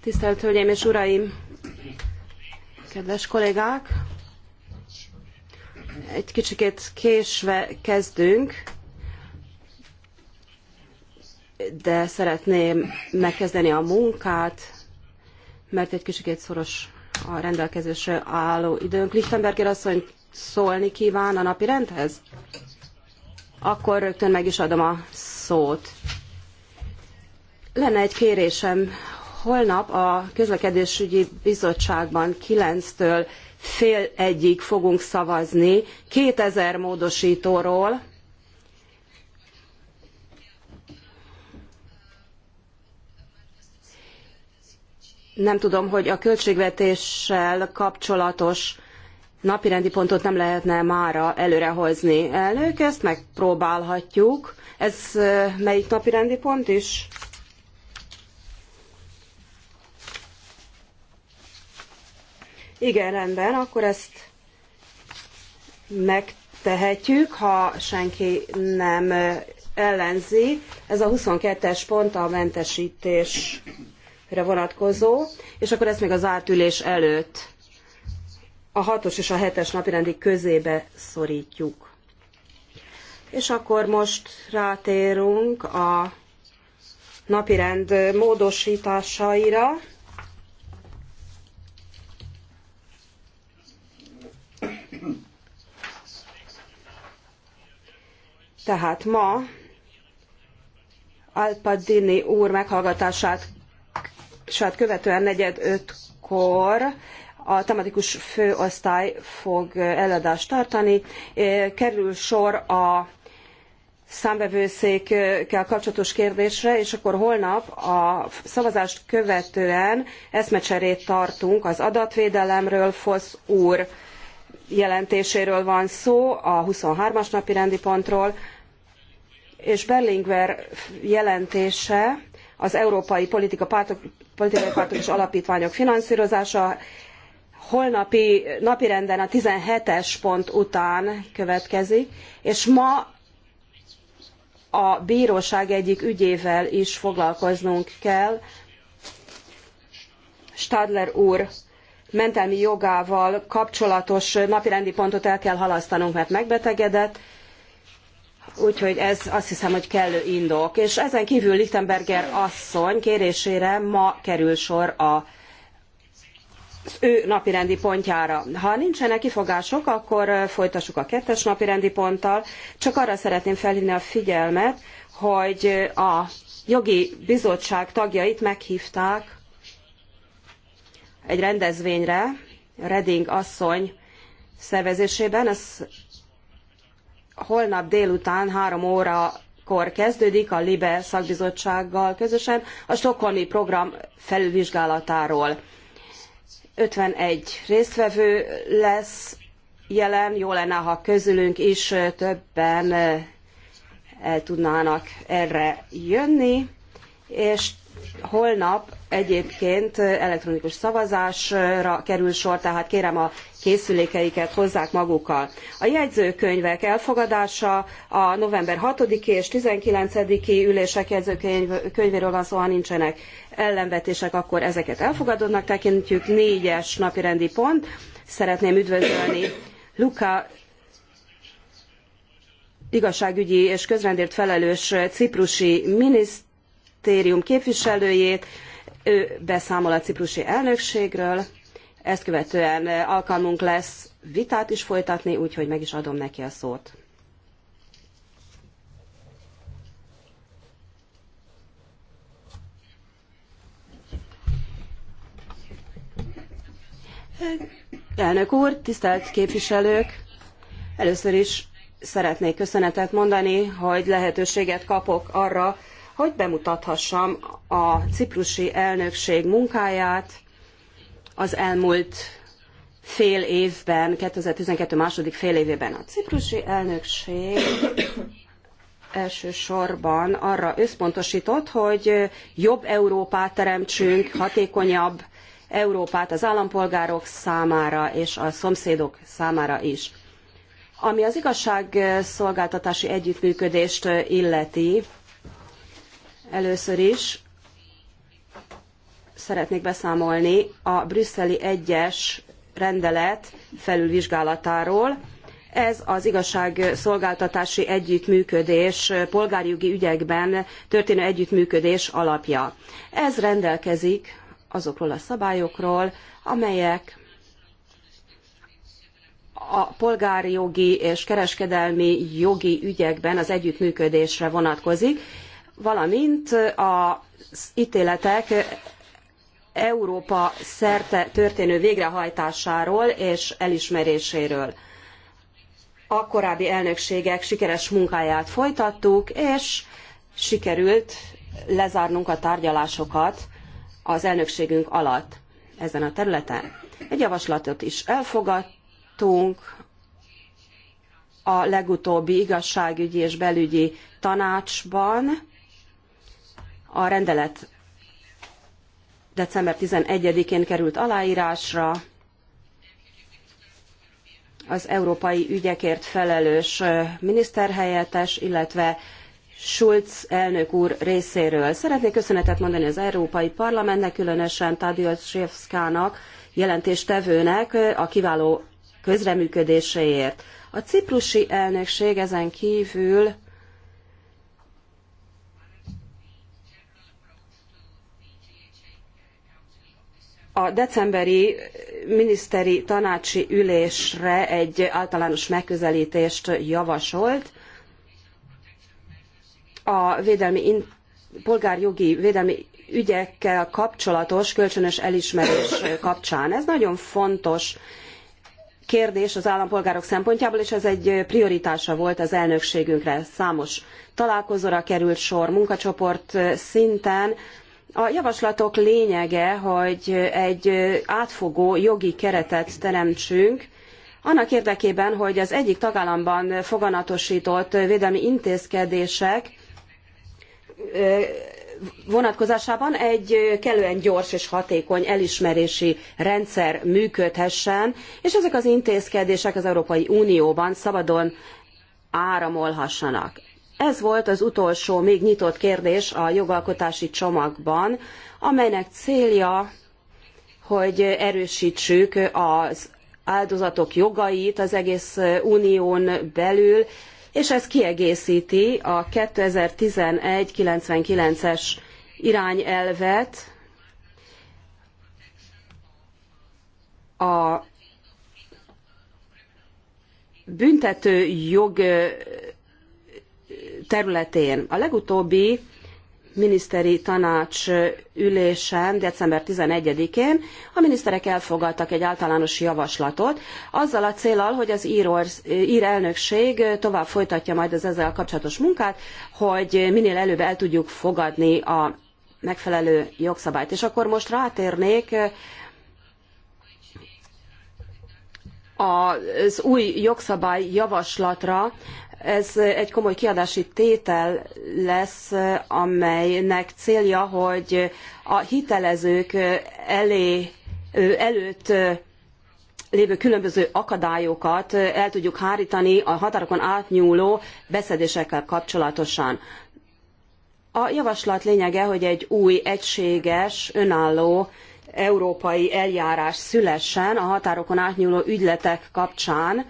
Tisztelt Hölgyeim és Uraim! Kedves kollégák! Egy kicsikét késve kezdünk, de szeretném megkezdeni a munkát, mert egy kicsikét szoros a rendelkezésre álló időnk. Lichtenberger asszony szólni kíván a napirendhez? Akkor rögtön meg is adom a szót. Lenne egy kérésem, holnap a közlekedésügyi bizottságban 9-től fél egyig fogunk szavazni 2000 módosítóról, nem tudom, hogy a költségvetéssel kapcsolatos napirendi pontot nem lehetne mára előrehozni. Elnök, ezt megpróbálhatjuk. Ez eh, melyik napirendi pont is? Igen, rendben, akkor ezt megtehetjük, ha senki nem ellenzi. Ez a 22-es pont a mentesítésre vonatkozó, és akkor ezt még az átülés előtt a 6-os és a 7-es napirendi közébe szorítjuk. És akkor most rátérünk a napirend módosításaira. Tehát ma Alpadini úr meghallgatását sát követően negyed ötkor a tematikus főosztály fog előadást tartani. Kerül sor a számbevőszékkel kapcsolatos kérdésre, és akkor holnap a szavazást követően eszmecserét tartunk az adatvédelemről, FOSZ úr jelentéséről van szó, a 23-as napi rendi pontról, és Berlinguer jelentése az európai politika pártok, politikai pártok és alapítványok finanszírozása holnapi napirenden a 17-es pont után következik, és ma a bíróság egyik ügyével is foglalkoznunk kell. Stadler úr mentelmi jogával kapcsolatos napirendi pontot el kell halasztanunk, mert megbetegedett. Úgyhogy ez azt hiszem, hogy kellő indok. És ezen kívül Lichtenberger asszony kérésére ma kerül sor a, az ő napirendi pontjára. Ha nincsenek kifogások, akkor folytassuk a kettes napirendi ponttal. Csak arra szeretném felhívni a figyelmet, hogy a jogi bizottság tagjait meghívták egy rendezvényre, Reding asszony szervezésében, ez holnap délután három óra kor kezdődik a LIBE szakbizottsággal közösen a Stockholmi program felülvizsgálatáról. 51 résztvevő lesz jelen, jó lenne, ha közülünk is többen eh, el tudnának erre jönni, és Holnap egyébként elektronikus szavazásra kerül sor, tehát kérem a készülékeiket hozzák magukkal. A jegyzőkönyvek elfogadása a november 6-i és 19-i ülések jegyzőkönyvéről van szó, ha nincsenek ellenvetések, akkor ezeket elfogadottnak tekintjük. Négyes napirendi pont. Szeretném üdvözölni Luka igazságügyi és közrendért felelős ciprusi minisztert minisztérium képviselőjét, ő beszámol a ciprusi elnökségről, ezt követően alkalmunk lesz vitát is folytatni, úgyhogy meg is adom neki a szót. Elnök úr, tisztelt képviselők! Először is szeretnék köszönetet mondani, hogy lehetőséget kapok arra, hogy bemutathassam a ciprusi elnökség munkáját az elmúlt fél évben, 2012 második fél évében. A ciprusi elnökség elsősorban arra összpontosított, hogy jobb Európát teremtsünk, hatékonyabb Európát az állampolgárok számára és a szomszédok számára is. Ami az igazságszolgáltatási együttműködést illeti, Először is szeretnék beszámolni a brüsszeli egyes rendelet felülvizsgálatáról. Ez az igazságszolgáltatási együttműködés, polgári jogi ügyekben történő együttműködés alapja. Ez rendelkezik azokról a szabályokról, amelyek a polgári jogi és kereskedelmi jogi ügyekben az együttműködésre vonatkozik, valamint az ítéletek Európa szerte történő végrehajtásáról és elismeréséről. A korábbi elnökségek sikeres munkáját folytattuk, és sikerült lezárnunk a tárgyalásokat az elnökségünk alatt ezen a területen. Egy javaslatot is elfogadtunk a legutóbbi igazságügyi és belügyi tanácsban, a rendelet december 11-én került aláírásra. Az európai ügyekért felelős miniszterhelyettes, illetve Schulz elnök úr részéről. Szeretnék köszönetet mondani az Európai Parlamentnek, különösen Tadjolszewskának, jelentéstevőnek a kiváló közreműködéséért. A ciprusi elnökség ezen kívül a decemberi miniszteri tanácsi ülésre egy általános megközelítést javasolt. A védelmi polgárjogi védelmi ügyekkel kapcsolatos kölcsönös elismerés kapcsán. Ez nagyon fontos kérdés az állampolgárok szempontjából, és ez egy prioritása volt az elnökségünkre. Számos találkozóra került sor munkacsoport szinten, a javaslatok lényege, hogy egy átfogó jogi keretet teremtsünk, annak érdekében, hogy az egyik tagállamban foganatosított védelmi intézkedések vonatkozásában egy kellően gyors és hatékony elismerési rendszer működhessen, és ezek az intézkedések az Európai Unióban szabadon áramolhassanak. Ez volt az utolsó még nyitott kérdés a jogalkotási csomagban, amelynek célja, hogy erősítsük az áldozatok jogait az egész unión belül, és ez kiegészíti a 2011-99-es irányelvet a büntető jog területén. A legutóbbi miniszteri tanács ülésen december 11-én a miniszterek elfogadtak egy általános javaslatot, azzal a célral, hogy az ír elnökség tovább folytatja majd az ezzel kapcsolatos munkát, hogy minél előbb el tudjuk fogadni a megfelelő jogszabályt. És akkor most rátérnék az új jogszabály javaslatra, ez egy komoly kiadási tétel lesz, amelynek célja, hogy a hitelezők elé, előtt lévő különböző akadályokat el tudjuk hárítani a határokon átnyúló beszedésekkel kapcsolatosan. A javaslat lényege, hogy egy új, egységes, önálló európai eljárás szülessen a határokon átnyúló ügyletek kapcsán,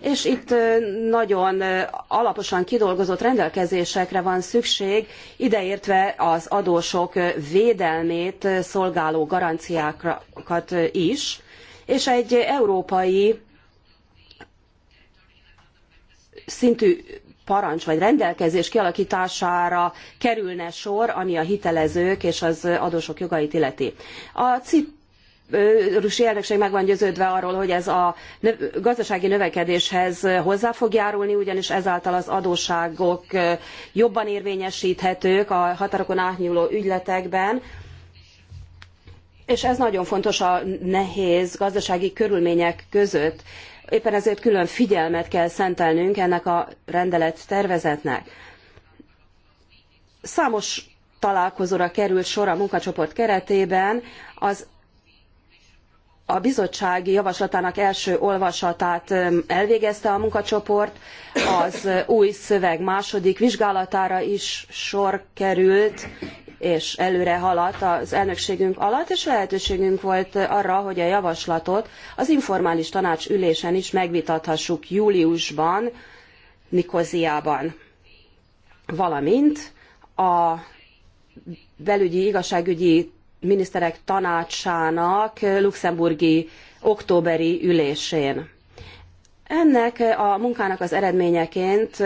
és itt nagyon alaposan kidolgozott rendelkezésekre van szükség, ideértve az adósok védelmét szolgáló garanciákat is, és egy európai szintű parancs vagy rendelkezés kialakítására kerülne sor, ami a hitelezők és az adósok jogait illeti. A CIP rusi elnökség meg van győződve arról, hogy ez a gazdasági növekedéshez hozzá fog járulni, ugyanis ezáltal az adósságok jobban érvényesíthetők a határokon átnyúló ügyletekben, és ez nagyon fontos a nehéz gazdasági körülmények között. Éppen ezért külön figyelmet kell szentelnünk ennek a rendelet tervezetnek. Számos találkozóra került sor a munkacsoport keretében, az a bizottsági javaslatának első olvasatát elvégezte a munkacsoport, az új szöveg második vizsgálatára is sor került, és előre haladt az elnökségünk alatt, és lehetőségünk volt arra, hogy a javaslatot az informális tanács ülésen is megvitathassuk júliusban, Nikoziában. Valamint a belügyi igazságügyi miniszterek tanácsának luxemburgi októberi ülésén. Ennek a munkának az eredményeként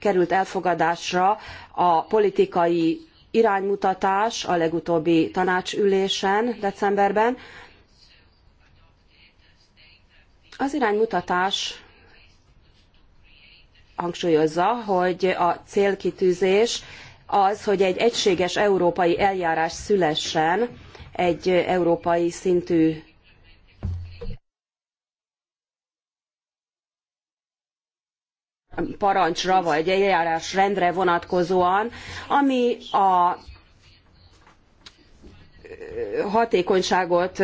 került elfogadásra a politikai iránymutatás a legutóbbi tanácsülésen decemberben. Az iránymutatás hangsúlyozza, hogy a célkitűzés az, hogy egy egységes európai eljárás szülessen, egy európai szintű parancsra vagy eljárás rendre vonatkozóan, ami a hatékonyságot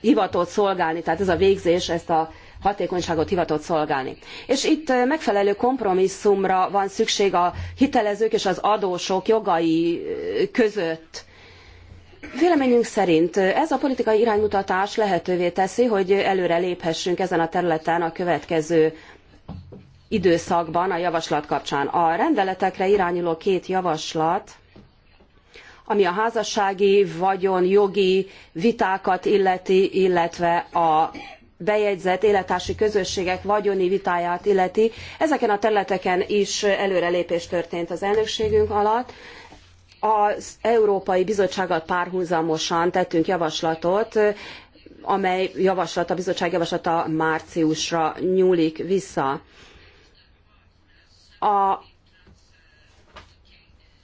hivatott szolgálni, tehát ez a végzés ezt a hatékonyságot hivatott szolgálni. És itt megfelelő kompromisszumra van szükség a hitelezők és az adósok jogai között. Véleményünk szerint ez a politikai iránymutatás lehetővé teszi, hogy előre léphessünk ezen a területen a következő időszakban a javaslat kapcsán. A rendeletekre irányuló két javaslat, ami a házassági, vagyon, jogi vitákat illeti, illetve a bejegyzett élettársi közösségek vagyoni vitáját illeti. Ezeken a területeken is előrelépés történt az elnökségünk alatt. Az Európai Bizottsággal párhuzamosan tettünk javaslatot, amely javaslat, a bizottság javaslata márciusra nyúlik vissza. A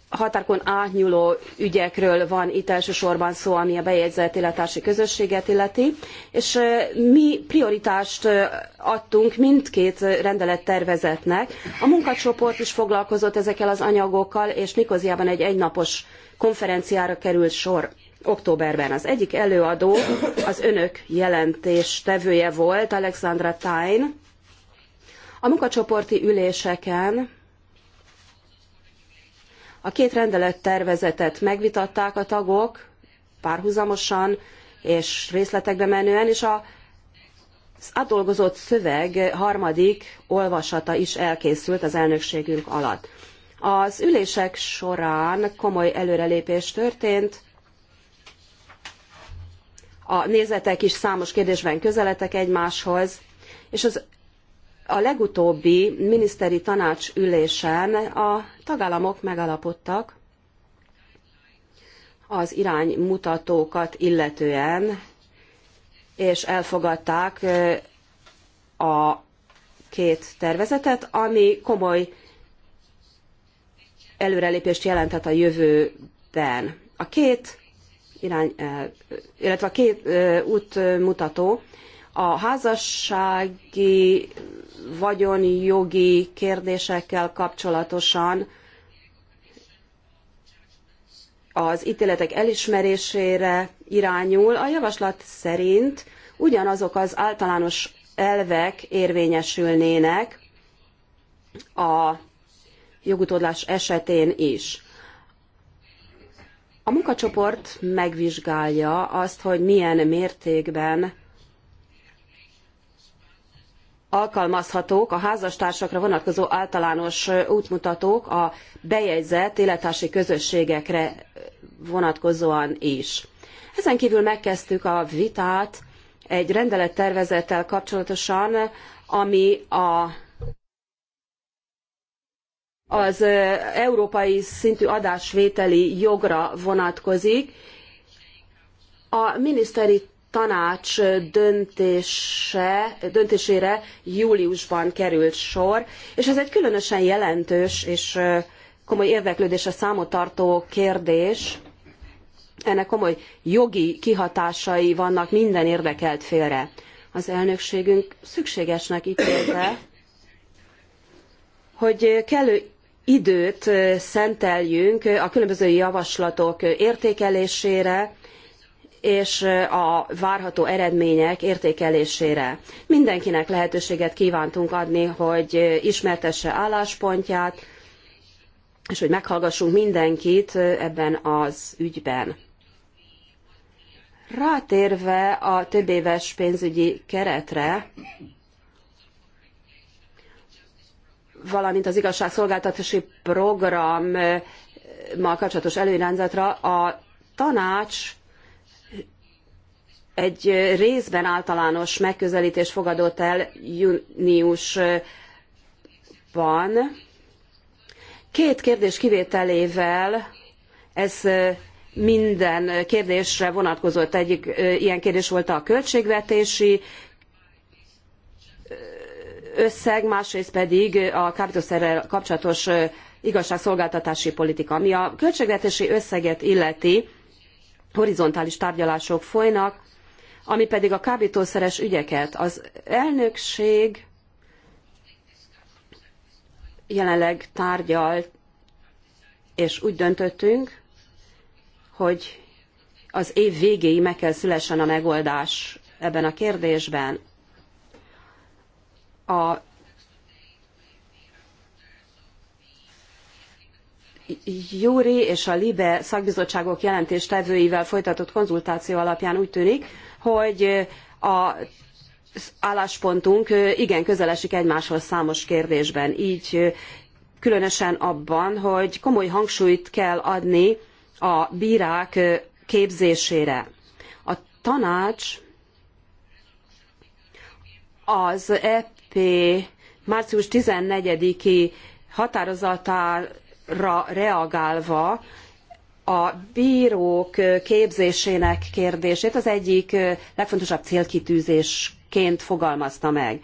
határkon átnyúló ügyekről van itt elsősorban szó, ami a bejegyzett élettársi közösséget illeti, és mi prioritást adtunk mindkét rendelettervezetnek. A munkacsoport is foglalkozott ezekkel az anyagokkal, és Nikoziában egy egynapos konferenciára került sor októberben. Az egyik előadó az önök jelentés tevője volt, Alexandra Tain. A munkacsoporti üléseken a két rendelettervezetet megvitatták a tagok párhuzamosan és részletekbe menően, és a az átdolgozott szöveg harmadik olvasata is elkészült az elnökségünk alatt. Az ülések során komoly előrelépés történt, a nézetek is számos kérdésben közeledtek egymáshoz, és az a legutóbbi miniszteri tanács ülésen a tagállamok megalapodtak az iránymutatókat illetően, és elfogadták a két tervezetet, ami komoly előrelépést jelentett a jövőben. A két irány, illetve a két útmutató a házassági jogi kérdésekkel kapcsolatosan az ítéletek elismerésére irányul. A javaslat szerint ugyanazok az általános elvek érvényesülnének a jogutódlás esetén is. A munkacsoport megvizsgálja azt, hogy milyen mértékben alkalmazhatók a házastársakra vonatkozó általános útmutatók a bejegyzett élettársi közösségekre vonatkozóan is. Ezen kívül megkezdtük a vitát egy rendelettervezettel kapcsolatosan, ami a az európai szintű adásvételi jogra vonatkozik. A miniszteri tanács döntése, döntésére júliusban került sor, és ez egy különösen jelentős és komoly érdeklődésre számot tartó kérdés. Ennek komoly jogi kihatásai vannak minden érdekelt félre. Az elnökségünk szükségesnek ítélte, hogy kellő időt szenteljünk a különböző javaslatok értékelésére, és a várható eredmények értékelésére. Mindenkinek lehetőséget kívántunk adni, hogy ismertesse álláspontját, és hogy meghallgassunk mindenkit ebben az ügyben. Rátérve a többéves pénzügyi keretre, valamint az igazságszolgáltatási programmal kapcsolatos előirányzatra a tanács egy részben általános megközelítés fogadott el júniusban. Két kérdés kivételével ez minden kérdésre vonatkozott. Egyik ilyen kérdés volt a költségvetési összeg, másrészt pedig a kábítószerrel kapcsolatos igazságszolgáltatási politika. Ami a költségvetési összeget illeti, horizontális tárgyalások folynak, ami pedig a kábítószeres ügyeket, az elnökség jelenleg tárgyal, és úgy döntöttünk, hogy az év végéig meg kell szülessen a megoldás ebben a kérdésben. A Júri és a Libe szakbizottságok jelentéstevőivel folytatott konzultáció alapján úgy tűnik, hogy a álláspontunk igen közel esik egymáshoz számos kérdésben. Így különösen abban, hogy komoly hangsúlyt kell adni a bírák képzésére. A tanács az EP március 14-i határozatára reagálva a bírók képzésének kérdését az egyik legfontosabb célkitűzésként fogalmazta meg.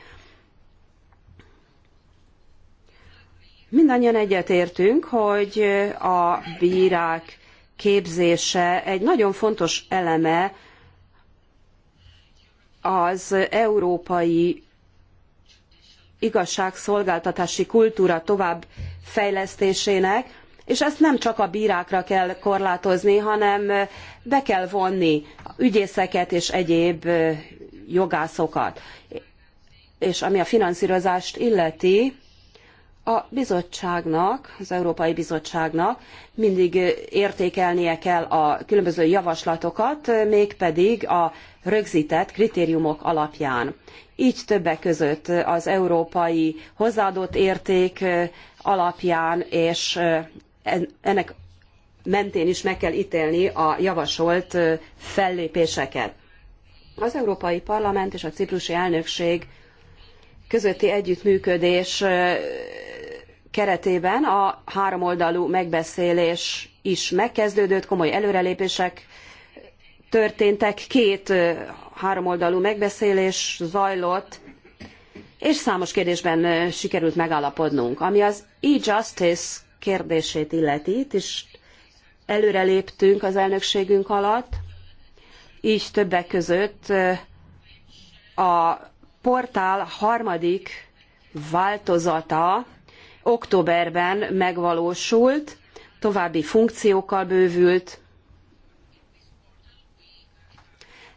Mindannyian egyetértünk, hogy a bírák képzése egy nagyon fontos eleme az európai igazságszolgáltatási kultúra továbbfejlesztésének, és ezt nem csak a bírákra kell korlátozni, hanem be kell vonni ügyészeket és egyéb jogászokat. És ami a finanszírozást illeti, a bizottságnak, az Európai Bizottságnak mindig értékelnie kell a különböző javaslatokat, mégpedig a rögzített kritériumok alapján. Így többek között az európai hozzáadott érték alapján és ennek mentén is meg kell ítélni a javasolt fellépéseket. Az Európai Parlament és a ciprusi elnökség közötti együttműködés keretében a háromoldalú megbeszélés is megkezdődött, komoly előrelépések történtek, két háromoldalú megbeszélés zajlott, és számos kérdésben sikerült megállapodnunk. Ami az e-justice kérdését illeti, itt is előreléptünk az elnökségünk alatt, így többek között a portál harmadik változata októberben megvalósult, további funkciókkal bővült.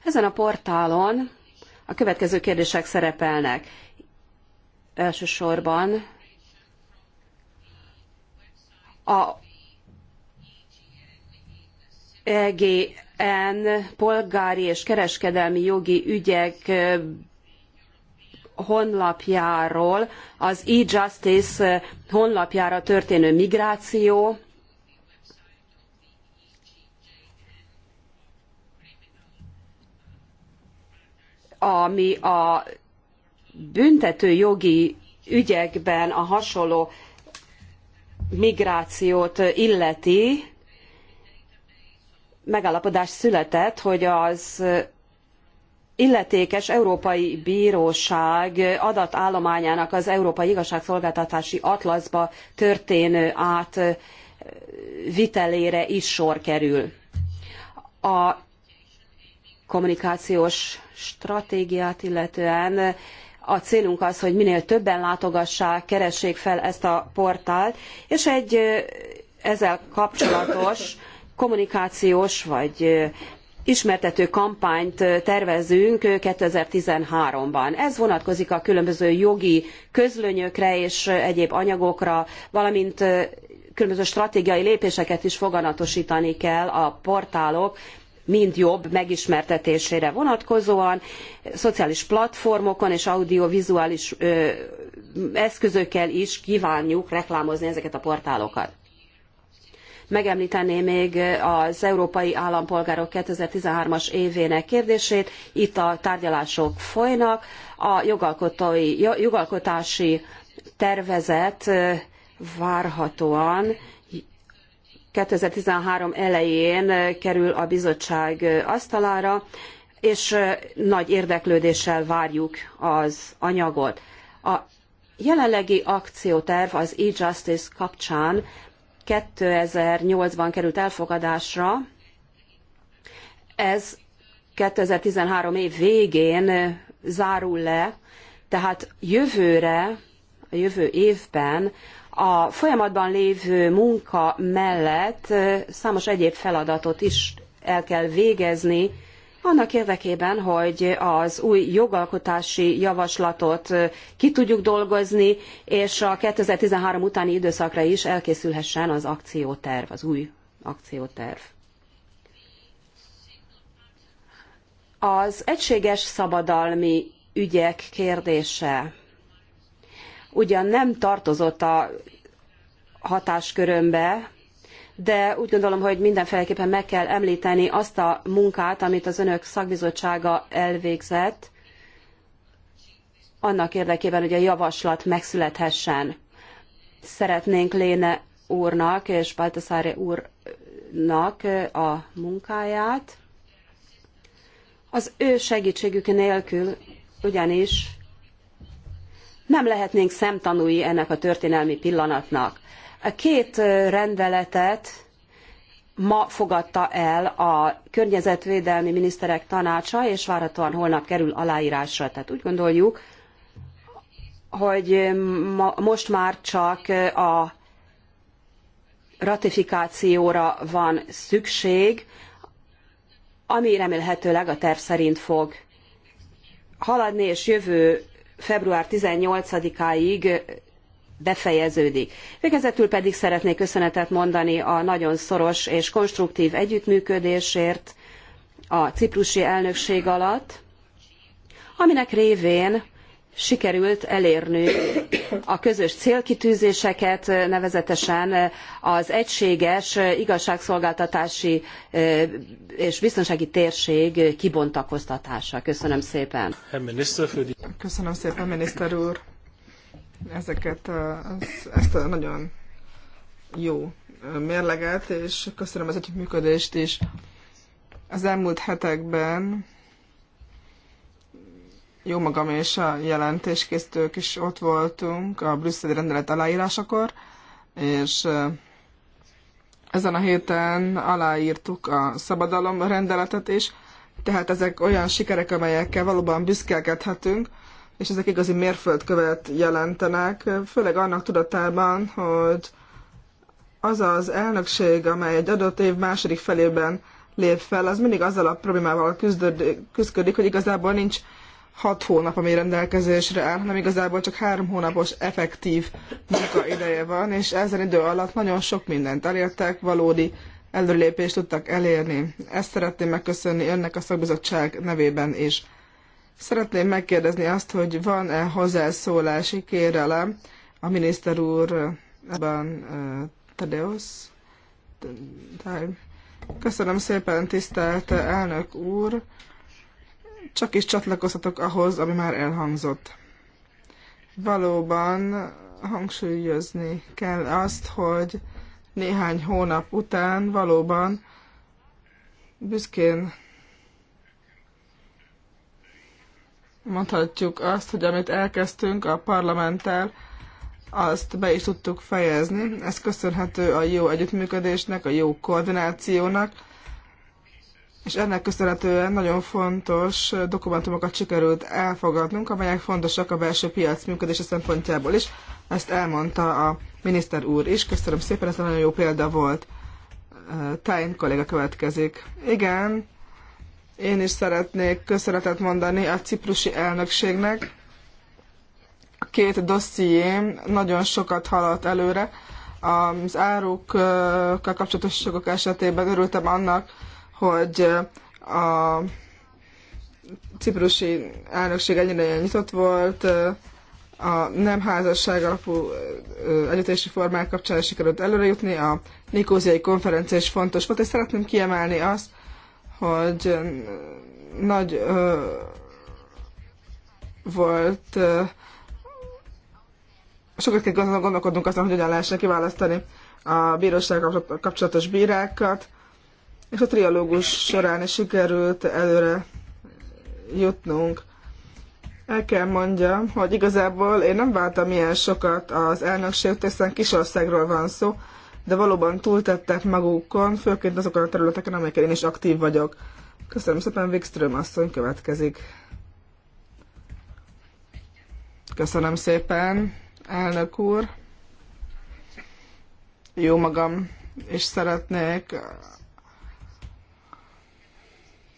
Ezen a portálon a következő kérdések szerepelnek. Elsősorban a EGN polgári és kereskedelmi jogi ügyek honlapjáról, az e-justice honlapjára történő migráció, ami a büntetőjogi ügyekben a hasonló migrációt illeti, megállapodás született, hogy az illetékes Európai Bíróság adatállományának az Európai Igazságszolgáltatási Atlaszba történő átvitelére is sor kerül. A kommunikációs stratégiát illetően a célunk az, hogy minél többen látogassák, keressék fel ezt a portált, és egy ezzel kapcsolatos kommunikációs vagy ismertető kampányt tervezünk 2013-ban. Ez vonatkozik a különböző jogi közlönyökre és egyéb anyagokra, valamint különböző stratégiai lépéseket is foganatosítani kell a portálok mind jobb megismertetésére vonatkozóan, szociális platformokon és audiovizuális eszközökkel is kívánjuk reklámozni ezeket a portálokat. Megemlíteném még az Európai Állampolgárok 2013-as évének kérdését. Itt a tárgyalások folynak. A jogalkotási tervezet várhatóan 2013 elején kerül a bizottság asztalára, és nagy érdeklődéssel várjuk az anyagot. A jelenlegi akcióterv az e-justice kapcsán 2008-ban került elfogadásra. Ez 2013 év végén zárul le, tehát jövőre, a jövő évben a folyamatban lévő munka mellett számos egyéb feladatot is el kell végezni, annak érdekében, hogy az új jogalkotási javaslatot ki tudjuk dolgozni, és a 2013 utáni időszakra is elkészülhessen az akcióterv, az új akcióterv. Az egységes szabadalmi ügyek kérdése ugyan nem tartozott a hatáskörömbe, de úgy gondolom, hogy mindenféleképpen meg kell említeni azt a munkát, amit az önök szakbizottsága elvégzett, annak érdekében, hogy a javaslat megszülethessen. Szeretnénk Léne úrnak és Baltaszári úrnak a munkáját. Az ő segítségük nélkül ugyanis nem lehetnénk szemtanúi ennek a történelmi pillanatnak. A két rendeletet ma fogadta el a környezetvédelmi miniszterek tanácsa, és várhatóan holnap kerül aláírásra. Tehát úgy gondoljuk, hogy ma, most már csak a ratifikációra van szükség, ami remélhetőleg a terv szerint fog haladni, és jövő február 18-áig befejeződik. Végezetül pedig szeretnék köszönetet mondani a nagyon szoros és konstruktív együttműködésért a ciprusi elnökség alatt, aminek révén sikerült elérni a közös célkitűzéseket, nevezetesen az egységes igazságszolgáltatási és biztonsági térség kibontakoztatása. Köszönöm szépen. Köszönöm szépen, miniszter úr, ezeket ezt a nagyon jó mérleget, és köszönöm az együttműködést is. Az elmúlt hetekben jó magam és a jelentéskészítők is ott voltunk a brüsszeli rendelet aláírásakor, és ezen a héten aláírtuk a szabadalom rendeletet is, tehát ezek olyan sikerek, amelyekkel valóban büszkelkedhetünk, és ezek igazi mérföldkövet jelentenek, főleg annak tudatában, hogy az az elnökség, amely egy adott év második felében lép fel, az mindig azzal a problémával küzdödik, küzdik, hogy igazából nincs hat hónap, ami rendelkezésre áll, hanem igazából csak három hónapos effektív munkaideje van, és ezen idő alatt nagyon sok mindent elértek, valódi előlépést tudtak elérni. Ezt szeretném megköszönni önnek a szakbizottság nevében is. Szeretném megkérdezni azt, hogy van-e hozzászólási kérelem a miniszter úr eh, ebben eh, Tadeusz? Köszönöm szépen, tisztelt eh, elnök úr! csak is csatlakozhatok ahhoz, ami már elhangzott. Valóban hangsúlyozni kell azt, hogy néhány hónap után valóban büszkén mondhatjuk azt, hogy amit elkezdtünk a parlamenttel, azt be is tudtuk fejezni. Ez köszönhető a jó együttműködésnek, a jó koordinációnak, és ennek köszönhetően nagyon fontos dokumentumokat sikerült elfogadnunk, amelyek fontosak a belső piac működése szempontjából is. Ezt elmondta a miniszter úr is. Köszönöm szépen, ez egy nagyon jó példa volt. Tájn kolléga következik. Igen, én is szeretnék köszönetet mondani a ciprusi elnökségnek. A két dossziém nagyon sokat haladt előre. Az árukkal kapcsolatos jogok esetében örültem annak, hogy a ciprusi elnökség ennyire nyitott volt, a nem házasság alapú együttési formák kapcsán sikerült előrejutni, a Nikóziai konferencia is fontos volt, és szeretném kiemelni azt, hogy nagy ö, volt, ö, sokat kell gondolkodnunk azon, hogy hogyan lehessen kiválasztani a bíróság kapcsolatos bírákat, és a trialógus során is sikerült előre jutnunk. El kell mondjam, hogy igazából én nem váltam ilyen sokat az elnökségtől, hiszen kisországról van szó, de valóban túltettek magukon, főként azokon a területeken, amelyeken én is aktív vagyok. Köszönöm szépen, Wikström asszony következik. Köszönöm szépen, elnök úr. Jó magam, és szeretnék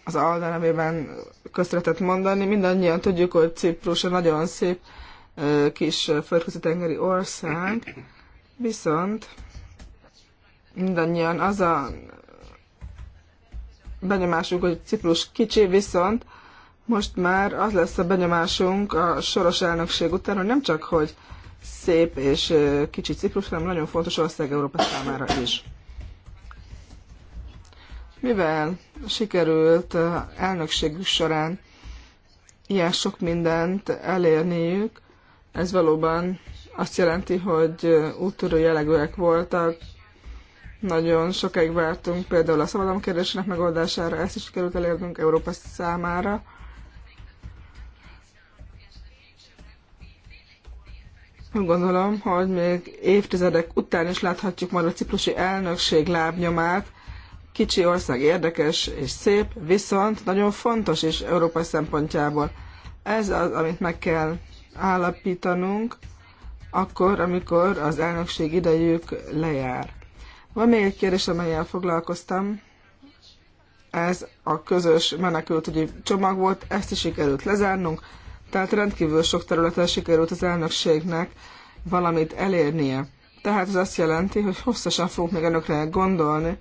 az Alda nevében köszönetet mondani. Mindannyian tudjuk, hogy Ciprus egy nagyon szép kis földközi-tengeri ország, viszont mindannyian az a benyomásunk, hogy Ciprus kicsi, viszont most már az lesz a benyomásunk a soros elnökség után, hogy nem csak, hogy szép és kicsi Ciprus, hanem nagyon fontos ország Európa számára is mivel sikerült eh, elnökségük során ilyen sok mindent elérniük, ez valóban azt jelenti, hogy eh, úttörő jellegűek voltak. Nagyon sokáig vártunk például a szabadalomkérdésének megoldására, ezt is sikerült elérnünk Európa számára. Gondolom, hogy még évtizedek után is láthatjuk majd a ciprusi elnökség lábnyomát, Kicsi ország érdekes és szép, viszont nagyon fontos is európai szempontjából. Ez az, amit meg kell állapítanunk, akkor, amikor az elnökség idejük lejár. Van még egy kérdés, amelyel foglalkoztam. Ez a közös menekültügyi csomag volt, ezt is sikerült lezárnunk, tehát rendkívül sok területen sikerült az elnökségnek valamit elérnie. Tehát ez azt jelenti, hogy hosszasan fogunk még önökre gondolni,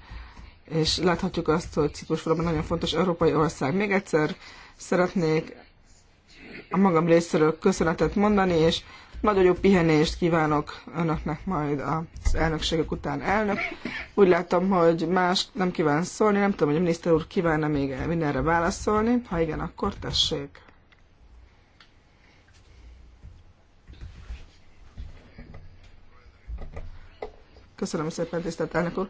és láthatjuk azt, hogy Ciprus valóban nagyon fontos európai ország. Még egyszer szeretnék a magam részéről köszönetet mondani, és jó pihenést kívánok önöknek majd az elnökségek után elnök. Úgy látom, hogy más nem kíván szólni, nem tudom, hogy a miniszter úr kívánna még mindenre válaszolni. Ha igen, akkor tessék. Köszönöm szépen, tisztelt elnök úr.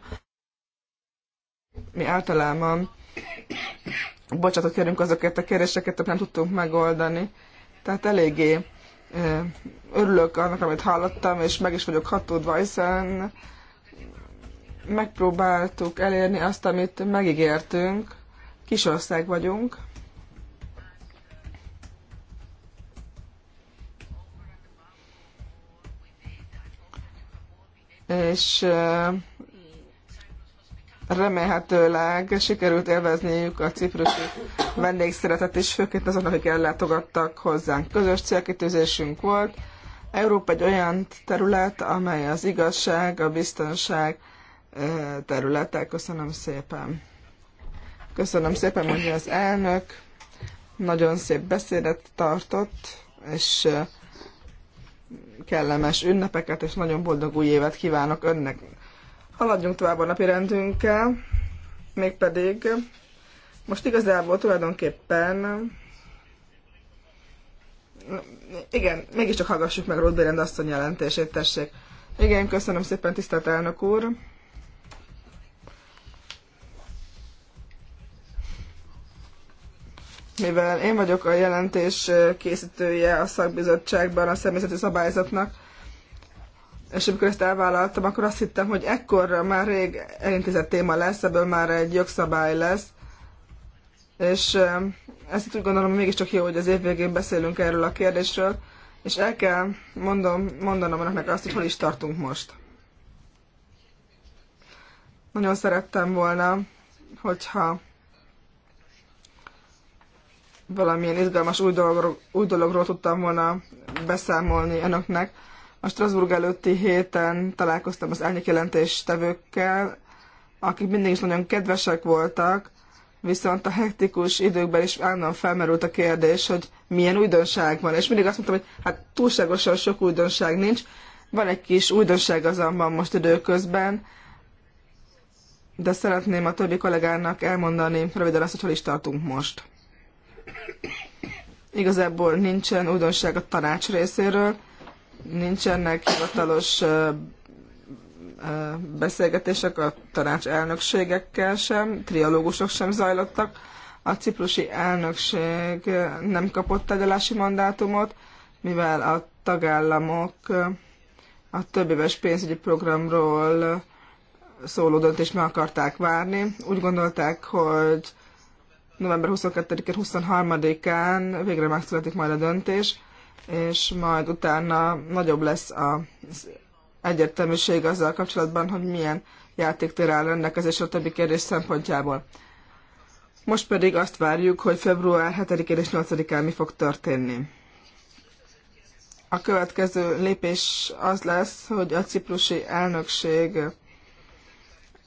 Mi általában bocsátot kérünk azokért a kérdéseket, nem tudtunk megoldani. Tehát eléggé örülök annak, amit hallottam, és meg is vagyok hatódva, hiszen megpróbáltuk elérni azt, amit megígértünk. Kisország vagyunk. És remélhetőleg sikerült élvezniük a ciprusi vendégszeretet is, főként azoknak, akik ellátogattak hozzánk. Közös célkitűzésünk volt. Európa egy olyan terület, amely az igazság, a biztonság területe. Köszönöm szépen. Köszönöm szépen, mondja az elnök. Nagyon szép beszédet tartott, és kellemes ünnepeket, és nagyon boldog új évet kívánok önnek. Haladjunk tovább a napi rendünkkel, mégpedig most igazából tulajdonképpen igen, mégiscsak hallgassuk meg Ruth Bérend asszony jelentését, tessék. Igen, köszönöm szépen, tisztelt elnök úr. Mivel én vagyok a jelentés készítője a szakbizottságban a személyzeti szabályzatnak, és amikor ezt elvállaltam, akkor azt hittem, hogy ekkor már rég elintézett téma lesz, ebből már egy jogszabály lesz, és ezt itt úgy gondolom, hogy mégiscsak jó, hogy az év végén beszélünk erről a kérdésről, és el kell mondom, mondanom önöknek azt, hogy hol is tartunk most. Nagyon szerettem volna, hogyha valamilyen izgalmas új, dolog, új dologról tudtam volna beszámolni önöknek, a Strasbourg előtti héten találkoztam az jelentéstevőkkel, akik mindig is nagyon kedvesek voltak, viszont a hektikus időkben is állandóan felmerült a kérdés, hogy milyen újdonság van. És mindig azt mondtam, hogy hát túlságosan sok újdonság nincs, van egy kis újdonság azonban most időközben, de szeretném a többi kollégának elmondani röviden azt, hogy hol is tartunk most. Igazából nincsen újdonság a tanács részéről, nincsenek hivatalos beszélgetések a tanács elnökségekkel sem, trialógusok sem zajlottak. A ciprusi elnökség nem kapott tárgyalási mandátumot, mivel a tagállamok a éves pénzügyi programról szóló döntést meg akarták várni. Úgy gondolták, hogy november 22 23-án végre megszületik majd a döntés, és majd utána nagyobb lesz az egyértelműség azzal kapcsolatban, hogy milyen játéktér áll rendelkezésre a többi kérdés szempontjából. Most pedig azt várjuk, hogy február 7-én és 8-án mi fog történni. A következő lépés az lesz, hogy a ciprusi elnökség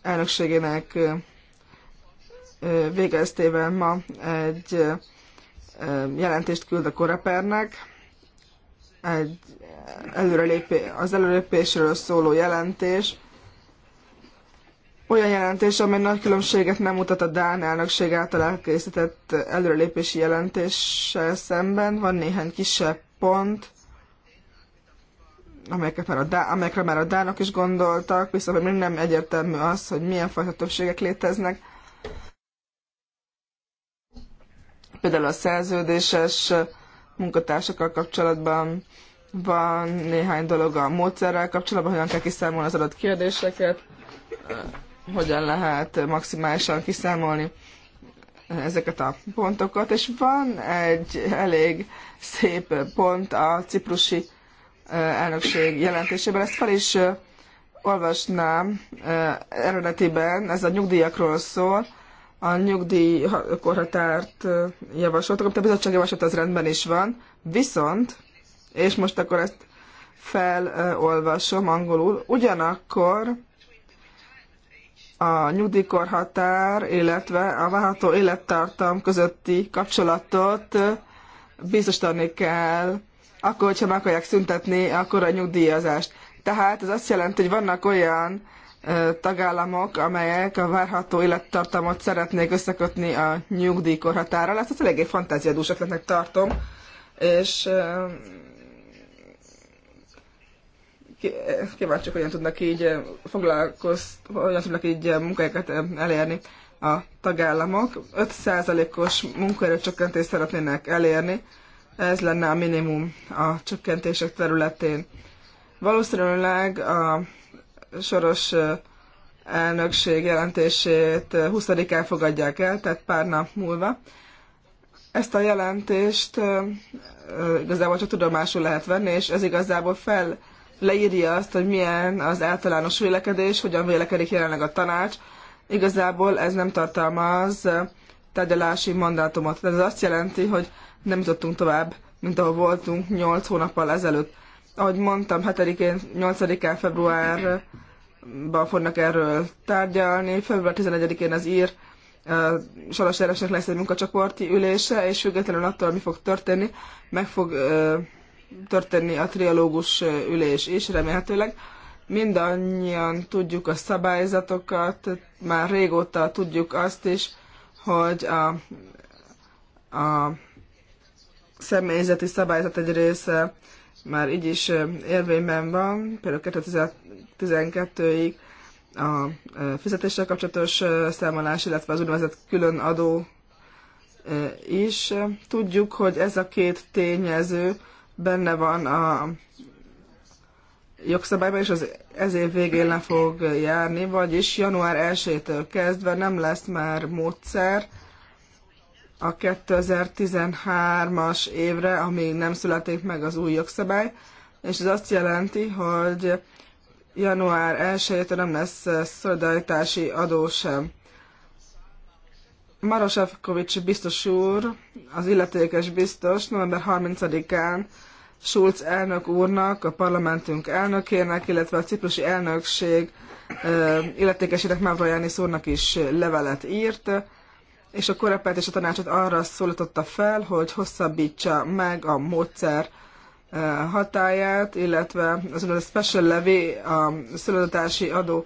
elnökségének végeztével ma egy jelentést küld a korapernek, egy előrelépé, az előrelépésről szóló jelentés, olyan jelentés, amely nagy különbséget nem mutat a Dán elnökség által elkészített előrelépési jelentéssel szemben. Van néhány kisebb pont, amelyekre már a Dá- amelyekre már a Dánok is gondoltak, viszont még nem egyértelmű az, hogy milyen fajta többségek léteznek. Például a szerződéses munkatársakkal kapcsolatban, van néhány dolog a módszerrel kapcsolatban, hogyan kell kiszámolni az adott kérdéseket, eh, hogyan lehet maximálisan kiszámolni ezeket a pontokat, és van egy elég szép pont a ciprusi eh, elnökség jelentésében, ezt fel is eh, olvasnám eredetiben, ez a nyugdíjakról szól, a korhatárt javasoltak, amit a bizottság javasolt, az rendben is van, viszont, és most akkor ezt felolvasom angolul, ugyanakkor a nyugdíjkorhatár, illetve a várható élettartam közötti kapcsolatot biztosítani kell, akkor, hogyha meg akarják szüntetni, akkor a nyugdíjazást. Tehát ez azt jelenti, hogy vannak olyan tagállamok, amelyek a várható élettartamot szeretnék összekötni a nyugdíjkorhatárral. Ezt az eléggé fantáziadús ötletnek tartom, és kíváncsiak, hogyan tudnak így foglalkozni, hogyan tudnak így munkáikat elérni a tagállamok. 5%-os munkaerőcsökkentést szeretnének elérni, ez lenne a minimum a csökkentések területén. Valószínűleg a soros elnökség jelentését 20-án fogadják el, tehát pár nap múlva. Ezt a jelentést igazából csak tudomásul lehet venni, és ez igazából fel leírja azt, hogy milyen az általános vélekedés, hogyan vélekedik jelenleg a tanács. Igazából ez nem tartalmaz tárgyalási mandátumot. Ez azt jelenti, hogy nem jutottunk tovább, mint ahol voltunk 8 hónappal ezelőtt ahogy mondtam, 7-én, 8-án februárban fognak erről tárgyalni. Február 11-én az ír Salas Jánosnak lesz egy munkacsoporti ülése, és függetlenül attól, mi fog történni, meg fog történni a trialógus ülés is, remélhetőleg. Mindannyian tudjuk a szabályzatokat, már régóta tudjuk azt is, hogy a, a személyzeti szabályzat egy része már így is érvényben van, például 2012-ig a fizetéssel kapcsolatos számolás, illetve az úgynevezett külön adó is. Tudjuk, hogy ez a két tényező benne van a jogszabályban, és az ez év végén le fog járni, vagyis január 1-től kezdve nem lesz már módszer a 2013-as évre, amíg nem születik meg az új jogszabály, és ez azt jelenti, hogy január 1-től nem lesz szolidaritási adó sem. Maros Efkovics biztos úr, az illetékes biztos, november 30-án Schulz elnök úrnak, a parlamentünk elnökének, illetve a ciprusi elnökség illetékesének Mavrojánis úrnak is levelet írt, és a korepát és a tanácsot arra szólította fel, hogy hosszabbítsa meg a módszer eh, hatáját, illetve az a special levé a szolidaritási adó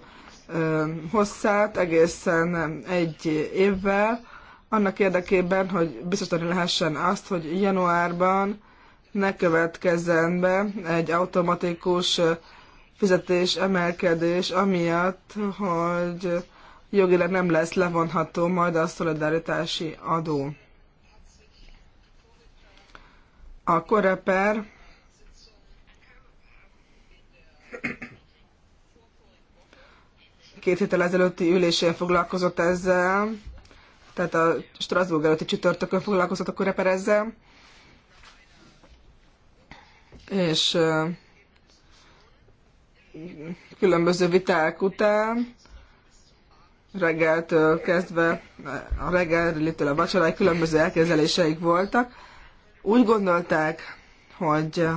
eh, hosszát egészen egy évvel, annak érdekében, hogy biztosítani lehessen azt, hogy januárban ne következzen be egy automatikus eh, fizetés emelkedés, amiatt, hogy jogilag nem lesz levonható majd a szolidaritási adó. A koreper két héttel ezelőtti ülésén foglalkozott ezzel, tehát a Strasbourg előtti csütörtökön foglalkozott a koreper ezzel, és különböző viták után reggeltől kezdve, a reggelitől a vacsoráig különböző elképzeléseik voltak. Úgy gondolták, hogy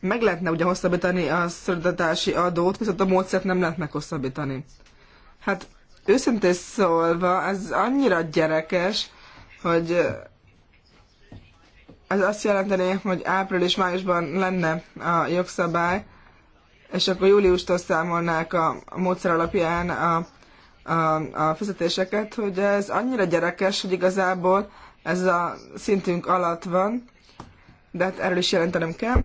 meg lehetne ugye hosszabbítani a szolidatási adót, viszont a módszert nem lehet meghosszabbítani. Hát őszintén szólva, ez annyira gyerekes, hogy ez azt jelenteni, hogy április-májusban lenne a jogszabály, és akkor júliustól számolnák a, a módszer alapján a, a, a fizetéseket, hogy ez annyira gyerekes, hogy igazából ez a szintünk alatt van, de hát erről is jelentenem kell.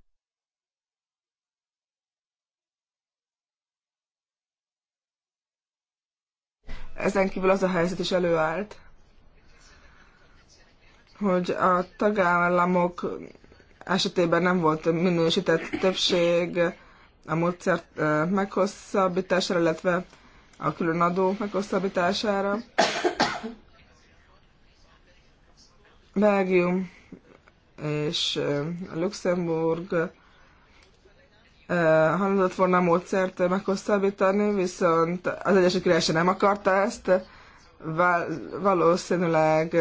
Ezen kívül az a helyzet is előállt, hogy a tagállamok esetében nem volt minősített többség, a módszer meghosszabbítására, illetve a különadó meghosszabbítására. Belgium és Luxemburg hallott volna a módszert meghosszabbítani, viszont az Egyesült Királyság nem akarta ezt. Valószínűleg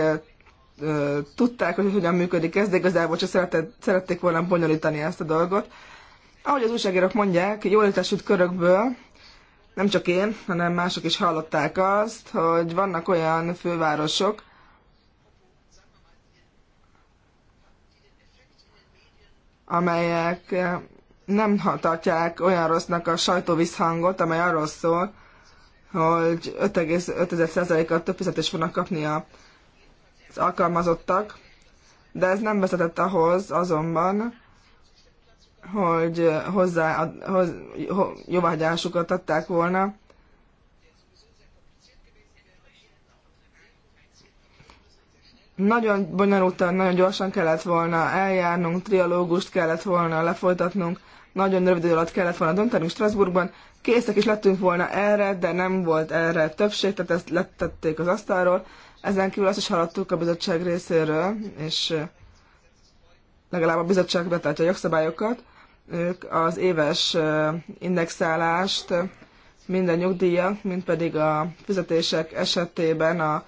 tudták, hogy hogyan működik ez, de igazából csak szerették volna bonyolítani ezt a dolgot. Ahogy az újságírók mondják, jól értesült körökből, nem csak én, hanem mások is hallották azt, hogy vannak olyan fővárosok, amelyek eh, nem tartják olyan rossznak a sajtóvisszhangot, amely arról szól, hogy 5,5%-kal több fizetést fognak kapni az alkalmazottak, de ez nem vezetett ahhoz azonban, hogy hozzá, hoz, ho, jóváhagyásukat adták volna. Nagyon bonyolultan, nagyon gyorsan kellett volna eljárnunk, trialógust kellett volna lefolytatnunk, nagyon rövid idő alatt kellett volna döntenünk Strasbourgban. Készek is lettünk volna erre, de nem volt erre többség, tehát ezt letették az asztalról. Ezen kívül azt is hallottuk a bizottság részéről, és legalább a bizottság betartja a jogszabályokat ők az éves indexálást minden nyugdíja, mint pedig a fizetések esetében a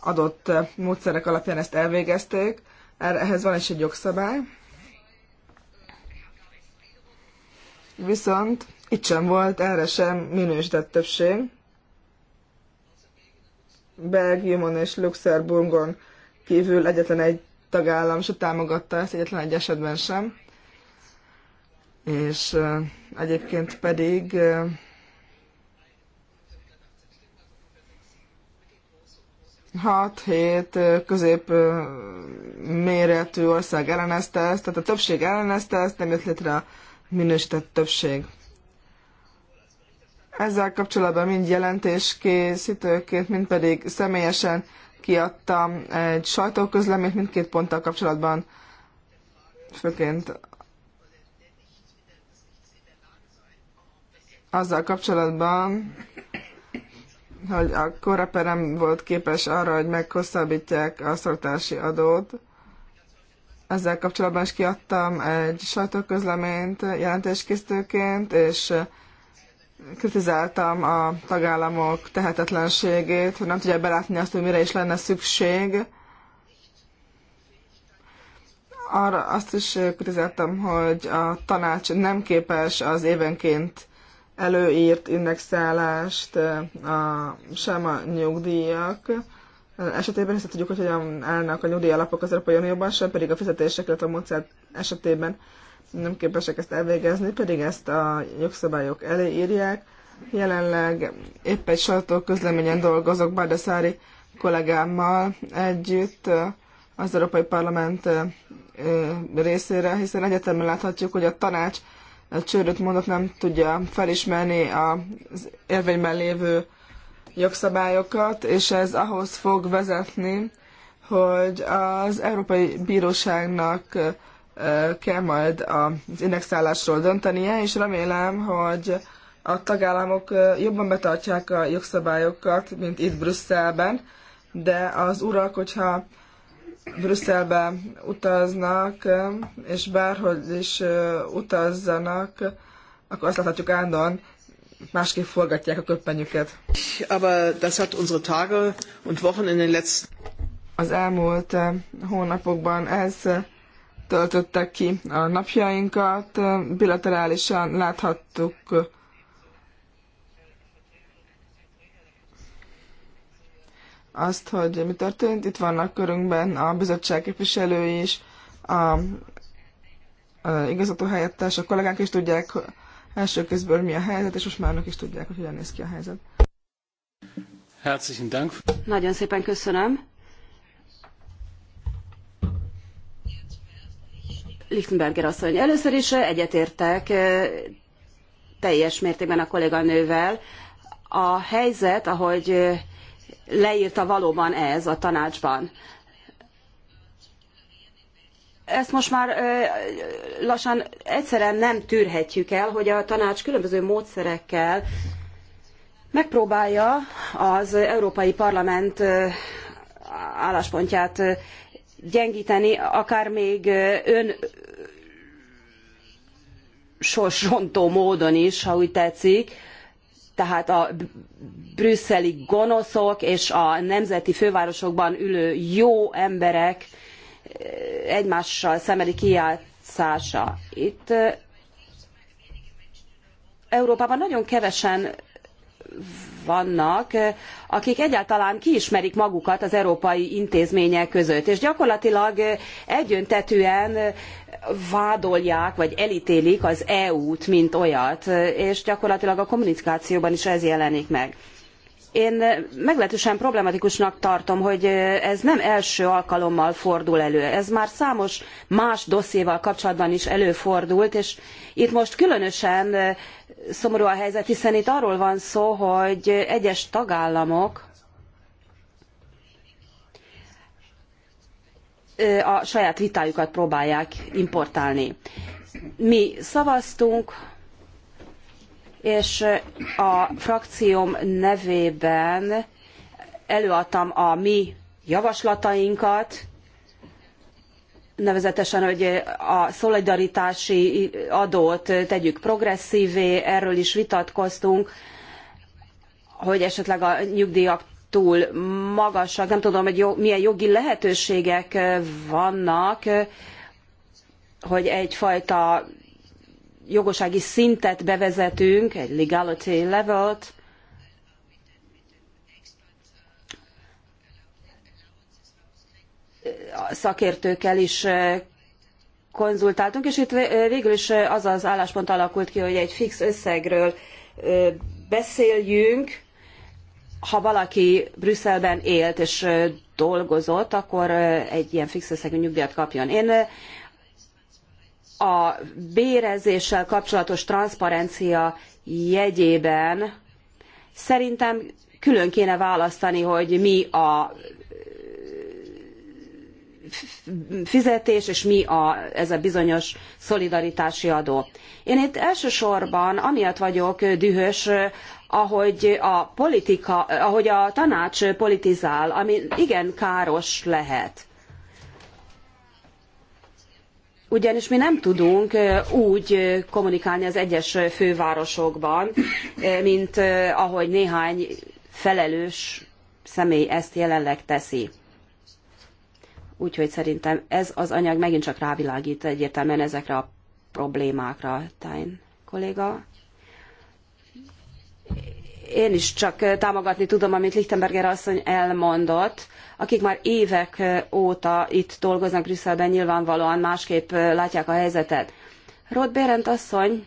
adott módszerek alapján ezt elvégezték. ehhez van is egy jogszabály. Viszont itt sem volt erre sem minősített többség. Belgiumon és Luxemburgon kívül egyetlen egy tagállam se támogatta ezt, egyetlen egy esetben sem és egyébként pedig hat-hét közép méretű ország ellenezte ezt, tehát a többség ellenezte ezt, nem jött létre a minősített többség. Ezzel kapcsolatban mind jelentéskészítőként, mind pedig személyesen kiadtam egy sajtóközleményt mindkét ponttal kapcsolatban, főként azzal kapcsolatban, hogy a koraperem volt képes arra, hogy meghosszabbítják a szortási adót. Ezzel kapcsolatban is kiadtam egy sajtóközleményt jelentéskészítőként, és kritizáltam a tagállamok tehetetlenségét, hogy nem tudják belátni azt, hogy mire is lenne szükség. Arra azt is kritizáltam, hogy a tanács nem képes az évenként előírt indexálást a, sem a nyugdíjak esetében, hiszen tudjuk, hogy hogyan állnak a nyugdíj alapok az Európai Unióban, sem pedig a fizetések, illetve a módszert esetében nem képesek ezt elvégezni, pedig ezt a jogszabályok előírják. Jelenleg épp egy közleményen dolgozok Bárdeszári kollégámmal együtt az Európai Parlament részére, hiszen egyetemben láthatjuk, hogy a tanács csődöt mondat nem tudja felismerni az érvényben lévő jogszabályokat, és ez ahhoz fog vezetni, hogy az Európai Bíróságnak kell majd az indexálásról döntenie, és remélem, hogy a tagállamok jobban betartják a jogszabályokat, mint itt Brüsszelben, de az urak, hogyha Brüsszelbe utaznak, és bárhogy is utazzanak, akkor azt láthatjuk állandóan, másképp forgatják a köppenyüket. Aber das hat unsere Tage und Wochen in den letzten... Az elmúlt hónapokban ez töltöttek ki a napjainkat, bilaterálisan láthattuk azt, hogy mi történt. Itt vannak körünkben a bizottság képviselői is, a, a igazgató helyettes, a kollégák is tudják első kézből mi a helyzet, és most már önök is tudják, hogy hogyan néz ki a helyzet. Herzlichen Dank. Nagyon szépen köszönöm. Lichtenberger asszony, először is egyetértek eh, teljes mértékben a kolléganővel. A helyzet, ahogy eh, leírta valóban ez a tanácsban. Ezt most már lassan egyszerűen nem tűrhetjük el, hogy a tanács különböző módszerekkel megpróbálja az Európai Parlament álláspontját gyengíteni, akár még ön módon is, ha úgy tetszik tehát a brüsszeli gonoszok és a nemzeti fővárosokban ülő jó emberek eh, egymással szembeni kijátszása. Itt eh, Európában nagyon kevesen vannak, eh, akik egyáltalán kiismerik magukat az európai intézmények között, és gyakorlatilag egyöntetűen vádolják, vagy elítélik az EU-t, mint olyat, és gyakorlatilag a kommunikációban is ez jelenik meg. Én meglehetősen problematikusnak tartom, hogy ez nem első alkalommal fordul elő. Ez már számos más dossziéval kapcsolatban is előfordult, és itt most különösen szomorú a helyzet, hiszen itt arról van szó, hogy egyes tagállamok a saját vitájukat próbálják importálni. Mi szavaztunk, és a frakcióm nevében előadtam a mi javaslatainkat, nevezetesen, hogy a szolidaritási adót tegyük progresszívé, erről is vitatkoztunk, hogy esetleg a nyugdíjak túl magasak, nem tudom, hogy jó, milyen jogi lehetőségek vannak, hogy egyfajta jogosági szintet bevezetünk, egy legality levelt, szakértőkkel is konzultáltunk, és itt végül is az az álláspont alakult ki, hogy egy fix összegről beszéljünk, ha valaki Brüsszelben élt és dolgozott, akkor egy ilyen fix összegű nyugdíjat kapjon. Én a bérezéssel kapcsolatos transzparencia jegyében szerintem külön kéne választani, hogy mi a fizetés, és mi a, ez a bizonyos szolidaritási adó. Én itt elsősorban amiatt vagyok dühös, ahogy a politika, ahogy a tanács politizál, ami igen káros lehet. Ugyanis mi nem tudunk úgy kommunikálni az egyes fővárosokban, mint ahogy néhány felelős személy ezt jelenleg teszi. Úgyhogy szerintem ez az anyag megint csak rávilágít egyértelműen ezekre a problémákra, Tájn kolléga én is csak támogatni tudom, amit Lichtenberger asszony elmondott, akik már évek óta itt dolgoznak Brüsszelben, nyilvánvalóan másképp látják a helyzetet. Roth Berend asszony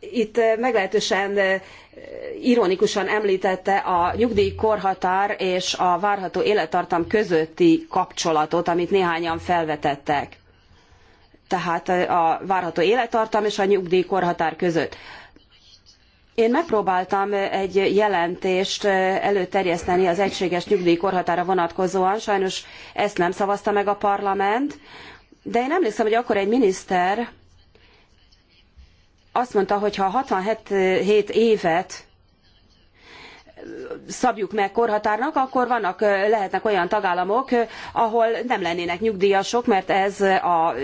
itt meglehetősen ironikusan említette a nyugdíjkorhatár és a várható élettartam közötti kapcsolatot, amit néhányan felvetettek. Tehát a várható élettartam és a nyugdíjkorhatár között. Én megpróbáltam egy jelentést előterjeszteni az egységes nyugdíjkorhatára vonatkozóan, sajnos ezt nem szavazta meg a parlament, de én emlékszem, hogy akkor egy miniszter azt mondta, hogy ha 67 évet szabjuk meg korhatárnak, akkor vannak, lehetnek olyan tagállamok, ahol nem lennének nyugdíjasok, mert ez a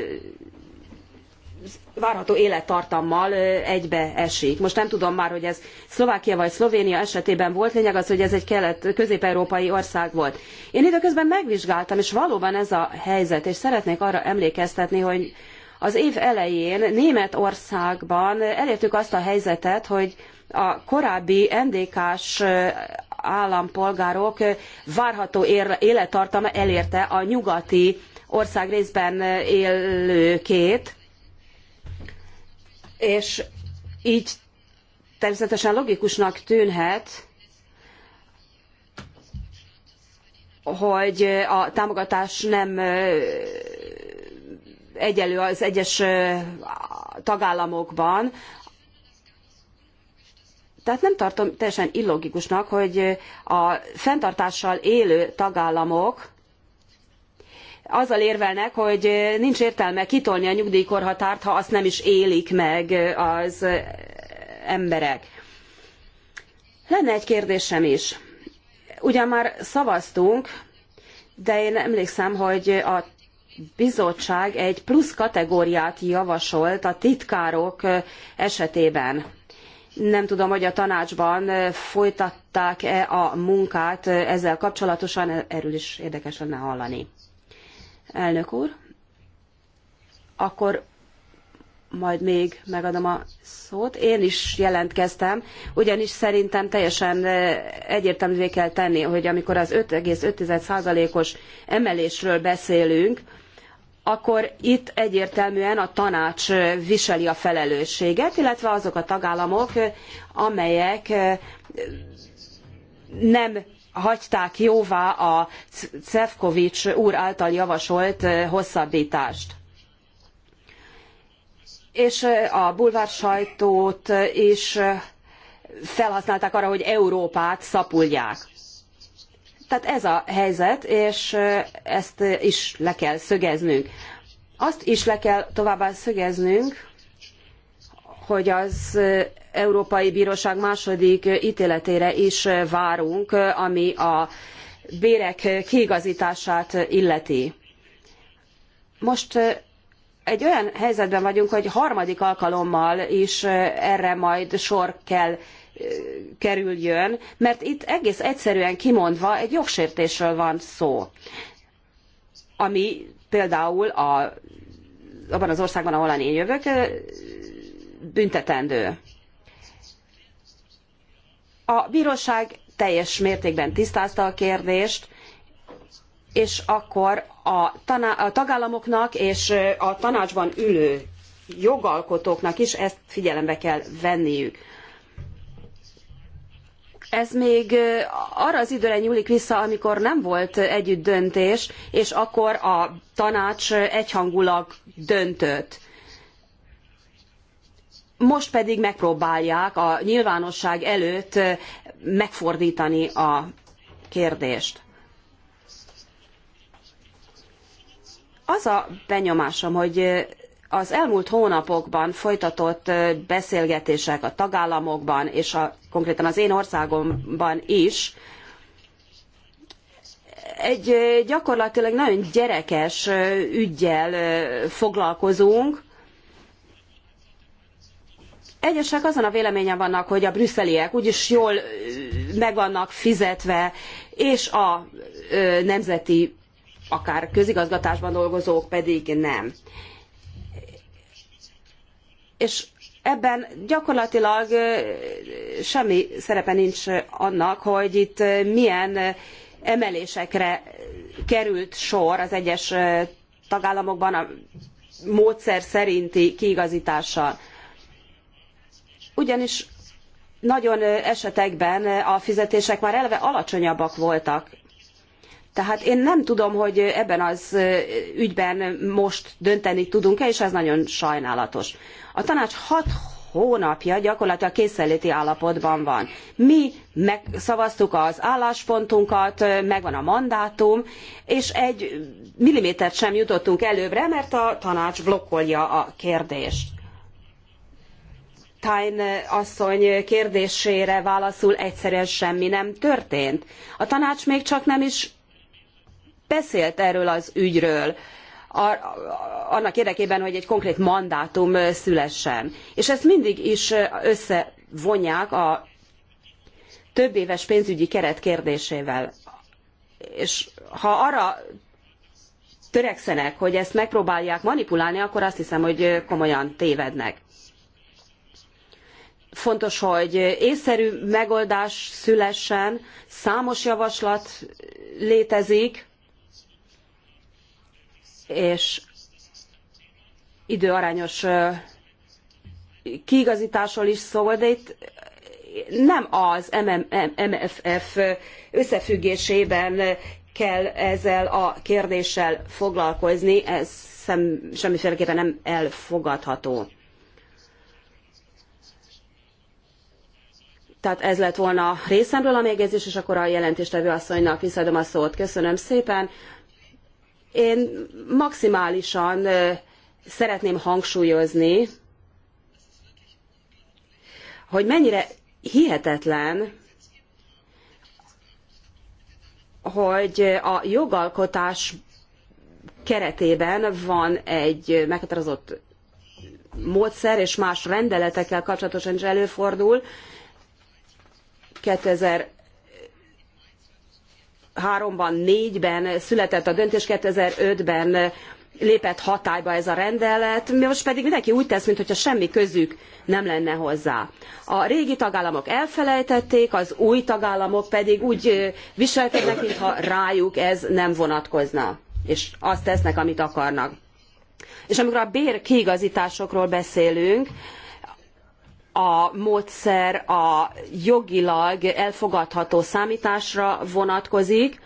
várható élettartammal egybe esik. Most nem tudom már, hogy ez Szlovákia vagy Szlovénia esetében volt, lényeg az, hogy ez egy kelet-közép-európai ország volt. Én időközben megvizsgáltam, és valóban ez a helyzet, és szeretnék arra emlékeztetni, hogy az év elején Németországban elértük azt a helyzetet, hogy a korábbi NDK-s állampolgárok várható élettartama elérte a nyugati ország részben élőkét, és így természetesen logikusnak tűnhet, hogy a támogatás nem egyelő az egyes tagállamokban. Tehát nem tartom teljesen illogikusnak, hogy a fenntartással élő tagállamok azzal érvelnek, hogy nincs értelme kitolni a nyugdíjkorhatárt, ha azt nem is élik meg az emberek. Lenne egy kérdésem is. Ugyan már szavaztunk, de én emlékszem, hogy a bizottság egy plusz kategóriát javasolt a titkárok esetében. Nem tudom, hogy a tanácsban folytatták-e a munkát ezzel kapcsolatosan, erről is érdekes lenne hallani. Elnök úr, akkor majd még megadom a szót. Én is jelentkeztem, ugyanis szerintem teljesen e, egyértelművé kell tenni, hogy amikor az 5,5%-os emelésről beszélünk, akkor itt egyértelműen a tanács e, viseli a felelősséget, illetve azok a tagállamok, e, amelyek nem hagyták jóvá a Cefkovics úr által javasolt eh, hosszabbítást. És eh, a bulvár sajtót eh, is felhasználták arra, hogy Európát szapulják. Tehát ez a helyzet, és ezt is le kell szögeznünk. Azt is le kell továbbá szögeznünk, hogy az Európai Bíróság második ítéletére is várunk, ami a bérek kiigaztását illeti. Most egy olyan helyzetben vagyunk, hogy harmadik alkalommal is erre majd sor kell kerüljön, mert itt egész egyszerűen kimondva egy jogsértésről van szó, ami például a, abban az országban, ahol én jövök, büntetendő. A bíróság teljes mértékben tisztázta a kérdést, és akkor a, a tagállamoknak és a tanácsban ülő jogalkotóknak is ezt figyelembe kell venniük. Ez még arra az időre nyúlik vissza, amikor nem volt együtt döntés, és akkor a tanács egyhangulag döntött most pedig megpróbálják a nyilvánosság előtt megfordítani a kérdést. Az a benyomásom, hogy az elmúlt hónapokban folytatott beszélgetések a tagállamokban, és a, konkrétan az én országomban is, egy gyakorlatilag nagyon gyerekes ügyjel foglalkozunk, Egyesek azon a véleményen vannak, hogy a brüsszeliek úgyis jól meg vannak fizetve, és a nemzeti, akár közigazgatásban dolgozók pedig nem. És ebben gyakorlatilag semmi szerepe nincs annak, hogy itt milyen emelésekre került sor az egyes tagállamokban a módszer szerinti kiigazítással ugyanis nagyon esetekben a fizetések már eleve alacsonyabbak voltak. Tehát én nem tudom, hogy ebben az ügyben most dönteni tudunk-e, és ez nagyon sajnálatos. A tanács hat hónapja gyakorlatilag készenléti állapotban van. Mi megszavaztuk az álláspontunkat, megvan a mandátum, és egy millimétert sem jutottunk előbbre, mert a tanács blokkolja a kérdést. Tain asszony kérdésére válaszul egyszerűen semmi nem történt. A tanács még csak nem is beszélt erről az ügyről annak érdekében, hogy egy konkrét mandátum szülessen. És ezt mindig is összevonják a többéves pénzügyi keret kérdésével. És ha arra törekszenek, hogy ezt megpróbálják manipulálni, akkor azt hiszem, hogy komolyan tévednek fontos, hogy észszerű megoldás szülessen, számos javaslat létezik, és időarányos kiigazításról is szól, de itt nem az MFF összefüggésében kell ezzel a kérdéssel foglalkozni, ez semmiféleképpen nem elfogadható. Tehát ez lett volna részemről a megjegyzés, és akkor a jelentéstevő asszonynak visszaadom a szót. Köszönöm szépen. Én maximálisan szeretném hangsúlyozni, hogy mennyire hihetetlen, hogy a jogalkotás keretében van egy meghatározott módszer, és más rendeletekkel kapcsolatosan is előfordul, 2003-ban, 4-ben született a döntés, 2005-ben lépett hatályba ez a rendelet, most pedig mindenki úgy tesz, mintha semmi közük nem lenne hozzá. A régi tagállamok elfelejtették, az új tagállamok pedig úgy viselkednek, mintha rájuk ez nem vonatkozna, és azt tesznek, amit akarnak. És amikor a bér kiigazításokról beszélünk, a módszer a jogilag elfogadható számításra vonatkozik.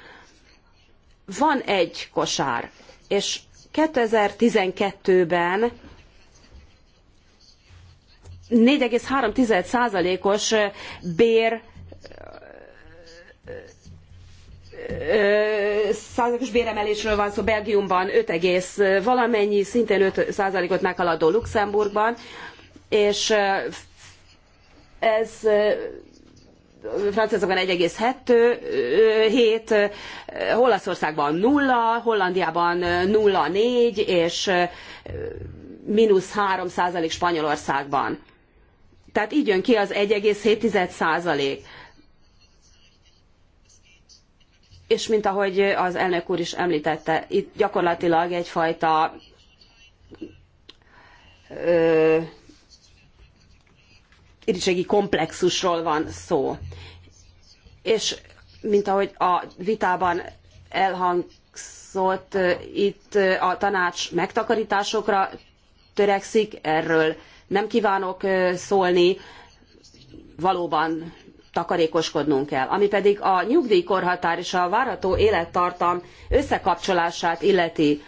Van egy kosár, és 2012-ben 4,3%-os bér százalékos béremelésről van szó Belgiumban 5, egész valamennyi, szintén 5 százalékot meghaladó Luxemburgban, és ez Franciaországban 1,7, Olaszországban 0, Hollandiában 0,4 és mínusz 3 százalék Spanyolországban. Tehát így jön ki az 1,7 százalék. És mint ahogy az elnök úr is említette, itt gyakorlatilag egyfajta ö, irigységi komplexusról van szó. És mint ahogy a vitában elhangzott, itt a tanács megtakarításokra törekszik, erről nem kívánok szólni, valóban takarékoskodnunk kell. Ami pedig a nyugdíjkorhatár és a várható élettartam összekapcsolását illeti,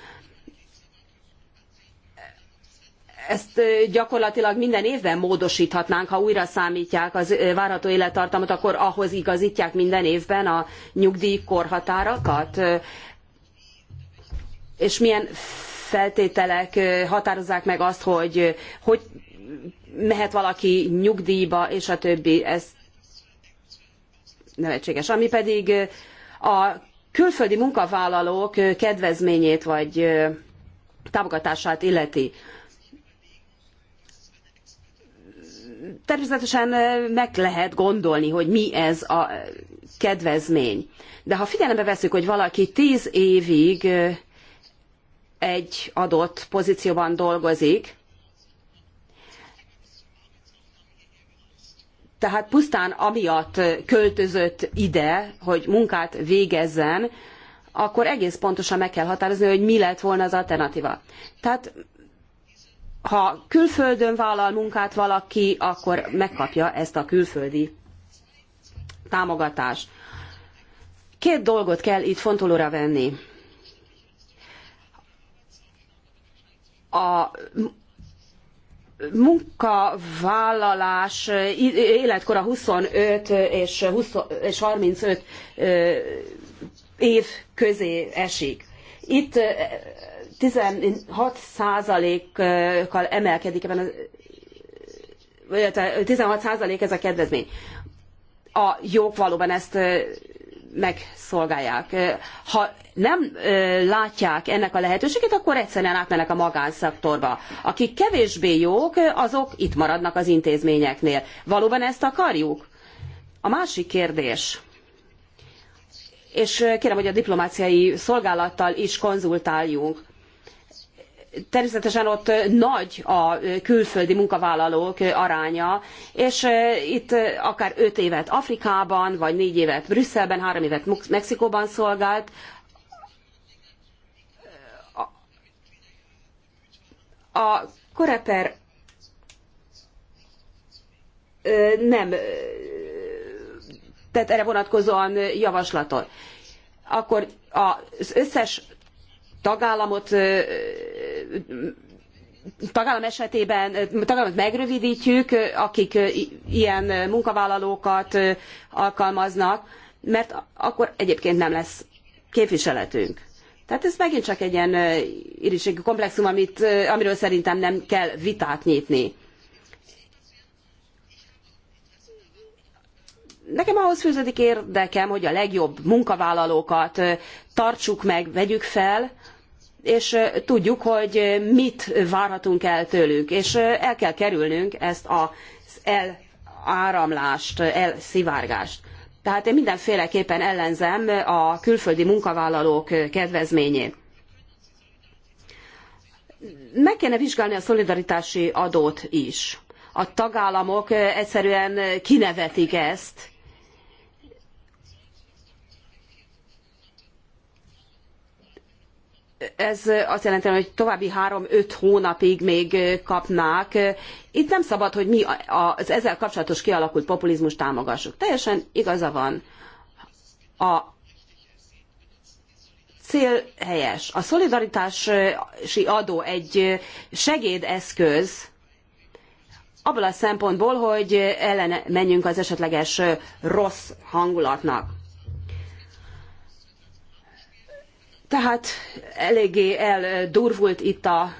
ezt gyakorlatilag minden évben módosíthatnánk, ha újra számítják az várható élettartamot, akkor ahhoz igazítják minden évben a nyugdíjkorhatárakat? És milyen feltételek határozzák meg azt, hogy hogy mehet valaki nyugdíjba, és a többi, ez nevetséges. Ami pedig a külföldi munkavállalók kedvezményét vagy támogatását illeti. természetesen meg lehet gondolni, hogy mi ez a kedvezmény. De ha figyelembe veszük, hogy valaki tíz évig egy adott pozícióban dolgozik, tehát pusztán amiatt költözött ide, hogy munkát végezzen, akkor egész pontosan meg kell határozni, hogy mi lett volna az alternatíva. Tehát ha külföldön vállal munkát valaki, akkor megkapja ezt a külföldi támogatást. Két dolgot kell itt fontolóra venni. A munkavállalás életkora 25 és, 20, és 35 év közé esik. Itt 16 kal emelkedik ebben az, 16 százalék ez a kedvezmény. A jók valóban ezt megszolgálják. Ha nem látják ennek a lehetőségét, akkor egyszerűen átmennek a magánszektorba. Akik kevésbé jók, azok itt maradnak az intézményeknél. Valóban ezt akarjuk? A másik kérdés, és kérem, hogy a diplomáciai szolgálattal is konzultáljunk. Természetesen ott nagy a külföldi munkavállalók aránya, és itt akár 5 évet Afrikában, vagy 4 évet Brüsszelben, 3 évet Mexikóban szolgált, a Koreper nem tett erre vonatkozóan javaslatot. Akkor az összes tagállamot tagállam esetében tagállamot megrövidítjük, akik ilyen munkavállalókat alkalmaznak, mert akkor egyébként nem lesz képviseletünk. Tehát ez megint csak egy ilyen irigységi komplexum, amit, amiről szerintem nem kell vitát nyitni. Nekem ahhoz fűződik érdekem, hogy a legjobb munkavállalókat tartsuk meg, vegyük fel, és tudjuk, hogy mit várhatunk el tőlük, és el kell kerülnünk ezt az eláramlást, elszivárgást. Tehát én mindenféleképpen ellenzem a külföldi munkavállalók kedvezményét. Meg kéne vizsgálni a szolidaritási adót is. A tagállamok egyszerűen kinevetik ezt, ez azt jelenti, hogy további három-öt hónapig még kapnák. Itt nem szabad, hogy mi az ezzel kapcsolatos kialakult populizmus támogassuk. Teljesen igaza van. A cél helyes. A szolidaritási adó egy segédeszköz, abból a szempontból, hogy ellene menjünk az esetleges rossz hangulatnak. Tehát eléggé eldurvult itt a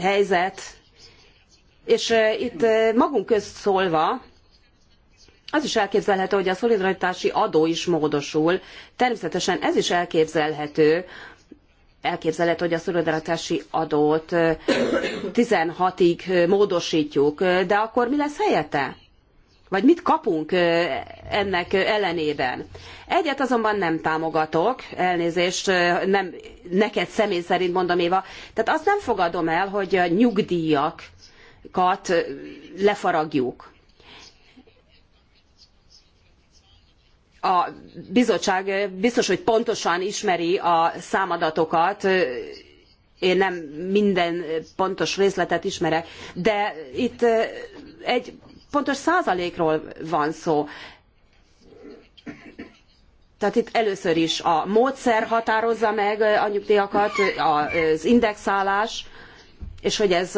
helyzet, és itt magunk közt szólva, az is elképzelhető, hogy a szolidaritási adó is módosul. Természetesen ez is elképzelhető, elképzelhető, hogy a szolidaritási adót 16-ig módosítjuk, de akkor mi lesz helyette? vagy mit kapunk ennek ellenében. Egyet azonban nem támogatok, elnézést, nem, neked személy szerint mondom, Éva, tehát azt nem fogadom el, hogy a nyugdíjakat lefaragjuk. A bizottság biztos, hogy pontosan ismeri a számadatokat, én nem minden pontos részletet ismerek, de itt egy pontos százalékról van szó. Tehát itt először is a módszer határozza meg a nyugdíjakat, az indexálás, és hogy ez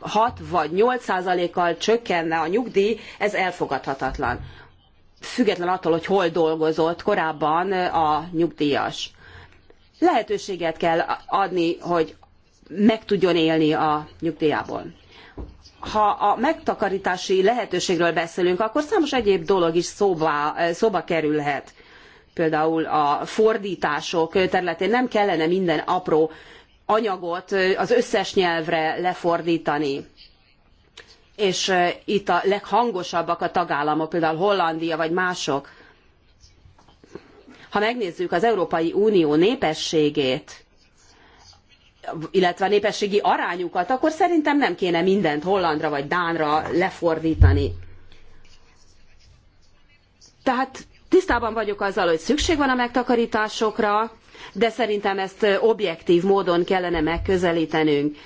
6 vagy 8 százalékkal csökkenne a nyugdíj, ez elfogadhatatlan. Független attól, hogy hol dolgozott korábban a nyugdíjas. Lehetőséget kell adni, hogy meg tudjon élni a nyugdíjából ha a megtakarítási lehetőségről beszélünk, akkor számos egyéb dolog is szóba, szóba kerülhet. Például a fordítások területén nem kellene minden apró anyagot az összes nyelvre lefordítani. És itt a leghangosabbak a tagállamok, például Hollandia vagy mások. Ha megnézzük az Európai Unió népességét, illetve a népességi arányukat, akkor szerintem nem kéne mindent hollandra vagy dánra lefordítani. Tehát tisztában vagyok azzal, hogy szükség van a megtakarításokra, de szerintem ezt objektív módon kellene megközelítenünk.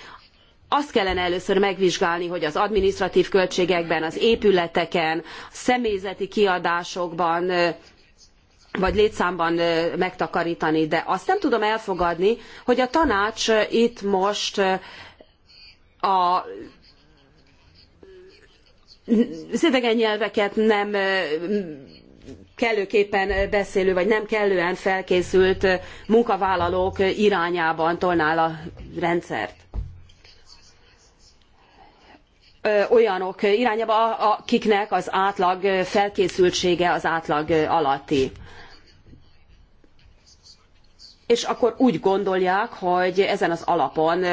Azt kellene először megvizsgálni, hogy az administratív költségekben, az épületeken, a személyzeti kiadásokban vagy létszámban megtakarítani, de azt nem tudom elfogadni, hogy a tanács itt most a az idegen nyelveket nem kellőképpen beszélő, vagy nem kellően felkészült munkavállalók irányában tolná a rendszert. Olyanok irányába, akiknek az átlag felkészültsége az átlag alatti és akkor úgy gondolják, hogy ezen az alapon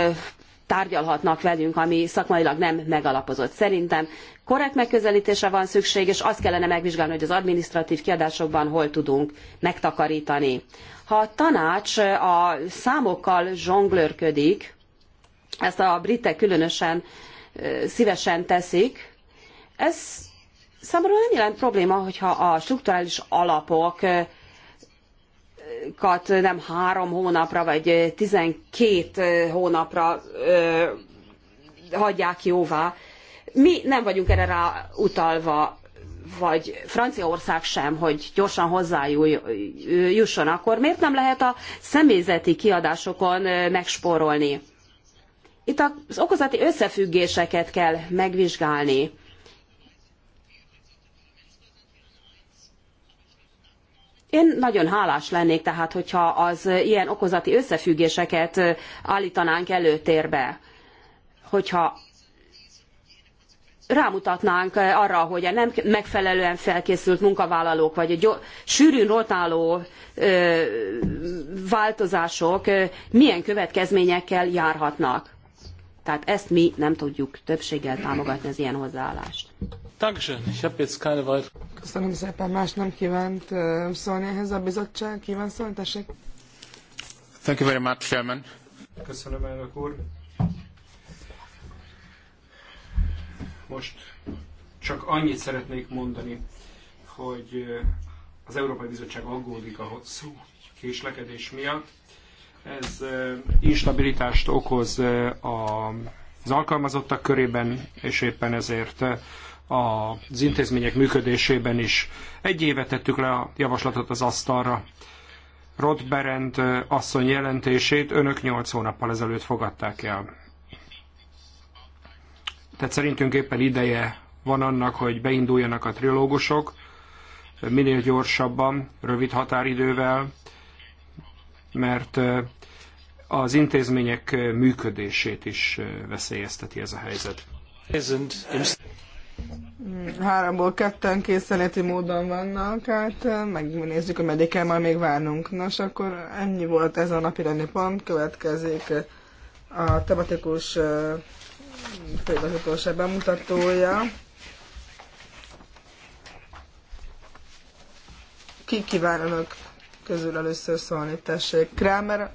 tárgyalhatnak velünk, ami szakmailag nem megalapozott. Szerintem korrekt megközelítése van szükség, és azt kellene megvizsgálni, hogy az administratív kiadásokban hol tudunk megtakarítani. Ha a tanács a számokkal zsonglőrködik, ezt a britek különösen szívesen teszik, ez számomra nem jelent probléma, hogyha a strukturális alapok nem három hónapra, vagy tizenkét hónapra hagyják jóvá. Mi nem vagyunk erre rá utalva, vagy Franciaország sem, hogy gyorsan hozzájusson, akkor miért nem lehet a személyzeti kiadásokon megspórolni? Itt az okozati összefüggéseket kell megvizsgálni. Én nagyon hálás lennék tehát, hogyha az ilyen okozati összefüggéseket állítanánk előtérbe, hogyha rámutatnánk arra, hogy a nem megfelelően felkészült munkavállalók, vagy a sűrűn rotáló változások milyen következményekkel járhatnak. Tehát ezt mi nem tudjuk többséggel támogatni az ilyen hozzáállást. Köszönöm szépen, más nem kívánt szólni ehhez a bizottság. Kíván szólni, tessék. Thank you very much, Chairman. Köszönöm, elnök úr. Most csak annyit szeretnék mondani, hogy az Európai Bizottság aggódik a hosszú késlekedés miatt. Ez instabilitást okoz az alkalmazottak körében, és éppen ezért az intézmények működésében is. Egy éve tettük le a javaslatot az asztalra. Rod Berend asszony jelentését önök 8 hónappal ezelőtt fogadták el. Tehát szerintünk éppen ideje van annak, hogy beinduljanak a trilógusok, minél gyorsabban, rövid határidővel, mert az intézmények működését is veszélyezteti ez a helyzet háromból ketten készenléti módon vannak, hát eh, megnézzük, hogy meddig kell majd még várnunk. Nos, akkor ennyi volt ez a napi rendi pont, következik eh, a tematikus eh, főigazgatóság bemutatója. Ki kívánok közül először szólni? Tessék, Kramer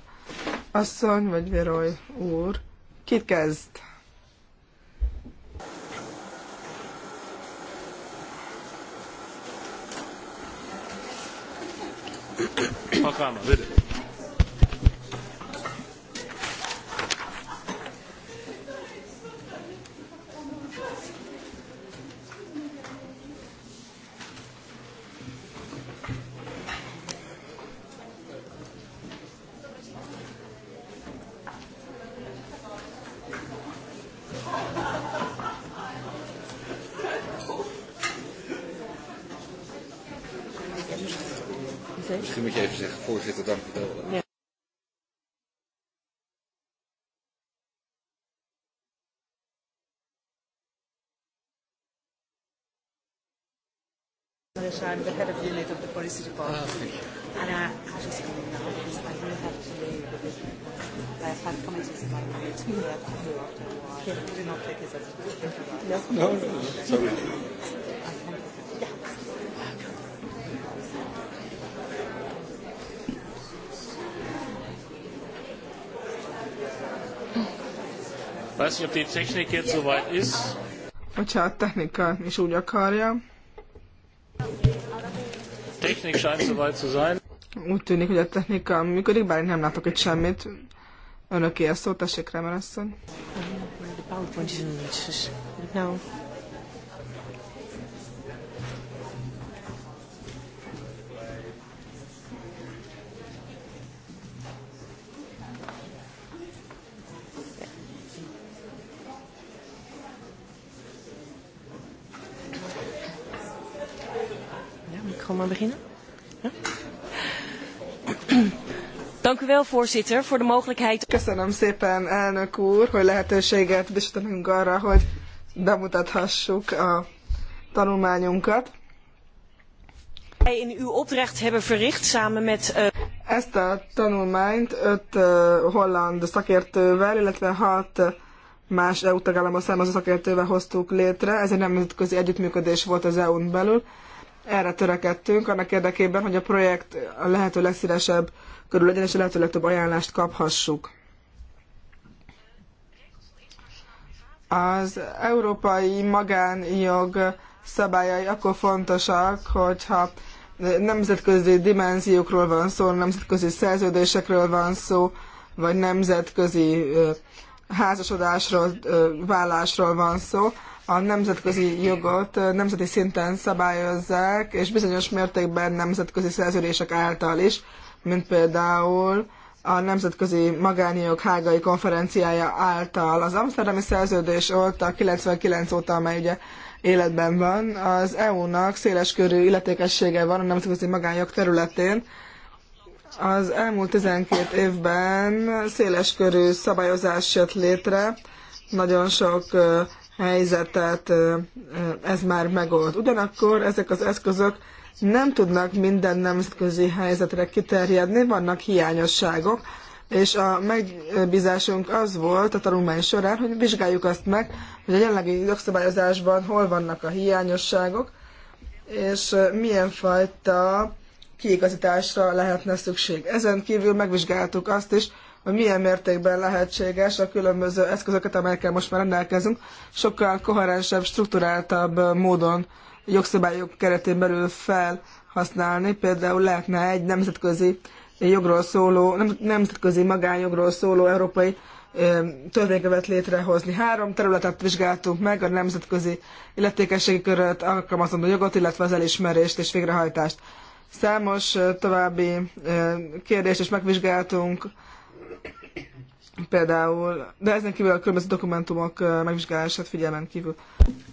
asszony, vagy Veroy úr? Kit kezd? Frau Kramer, bitte. that I'm the head of unit of the policy department. Oh, And I, I just come in now because I do have to leave. I have had committees in my meeting that I do after a while. Sure. Do not take this as a No, no, no. Sorry. Weiß nicht, ob die Technik jetzt soweit ist. Hogyha a technika is úgy akarja. Technik scheint soweit zu sein. Úgy tűnik, hogy a technika működik, bár én nem látok itt semmit. Önöké a szó, tessék, Remer asszony. No. gewoon maar beginnen? Ja? Dank u wel, voorzitter, voor de mogelijkheid. Köszönöm szépen, elnök úr, hogy lehetőséget biztosítunk arra, hogy bemutathassuk a tanulmányunkat. Wij in uw opdracht hebben verricht samen met... Uh... Ezt a tanulmányt öt uh, holland szakértővel, illetve hat uh, más EU tagállamban származó szakértővel hoztuk létre. Ez egy nemzetközi együttműködés volt az EU-n belül erre törekedtünk, annak érdekében, hogy a projekt a lehető legszínesebb körül legyen, és a lehető legtöbb ajánlást kaphassuk. Az európai magánjog szabályai akkor fontosak, hogyha nemzetközi dimenziókról van szó, nemzetközi szerződésekről van szó, vagy nemzetközi házasodásról, vállásról van szó, a nemzetközi jogot nemzeti szinten szabályozzák, és bizonyos mértékben nemzetközi szerződések által is, mint például a Nemzetközi Magánjog Hágai Konferenciája által. Az Amsterdami Szerződés óta, 99 óta, amely ugye életben van, az EU-nak széleskörű illetékessége van a nemzetközi magánjog területén. Az elmúlt 12 évben széleskörű szabályozás jött létre, nagyon sok helyzetet ez már megold. Ugyanakkor ezek az eszközök nem tudnak minden nemzetközi helyzetre kiterjedni, vannak hiányosságok, és a megbízásunk az volt a tanulmány során, hogy vizsgáljuk azt meg, hogy a jelenlegi jogszabályozásban hol vannak a hiányosságok, és milyen fajta kiigazításra lehetne szükség. Ezen kívül megvizsgáltuk azt is, hogy milyen mértékben lehetséges a különböző eszközöket, amelyekkel most már rendelkezünk, sokkal koherensebb, strukturáltabb módon jogszabályok keretén belül felhasználni. Például lehetne egy nemzetközi jogról szóló, nem, nemzetközi magánjogról szóló európai törvénykövet létrehozni. Három területet vizsgáltunk meg, a nemzetközi illetékességi köröt, alkalmazandó jogot, illetve az elismerést és végrehajtást. Számos további kérdést is megvizsgáltunk, például, de ezen kívül a különböző dokumentumok megvizsgálását figyelmen kívül.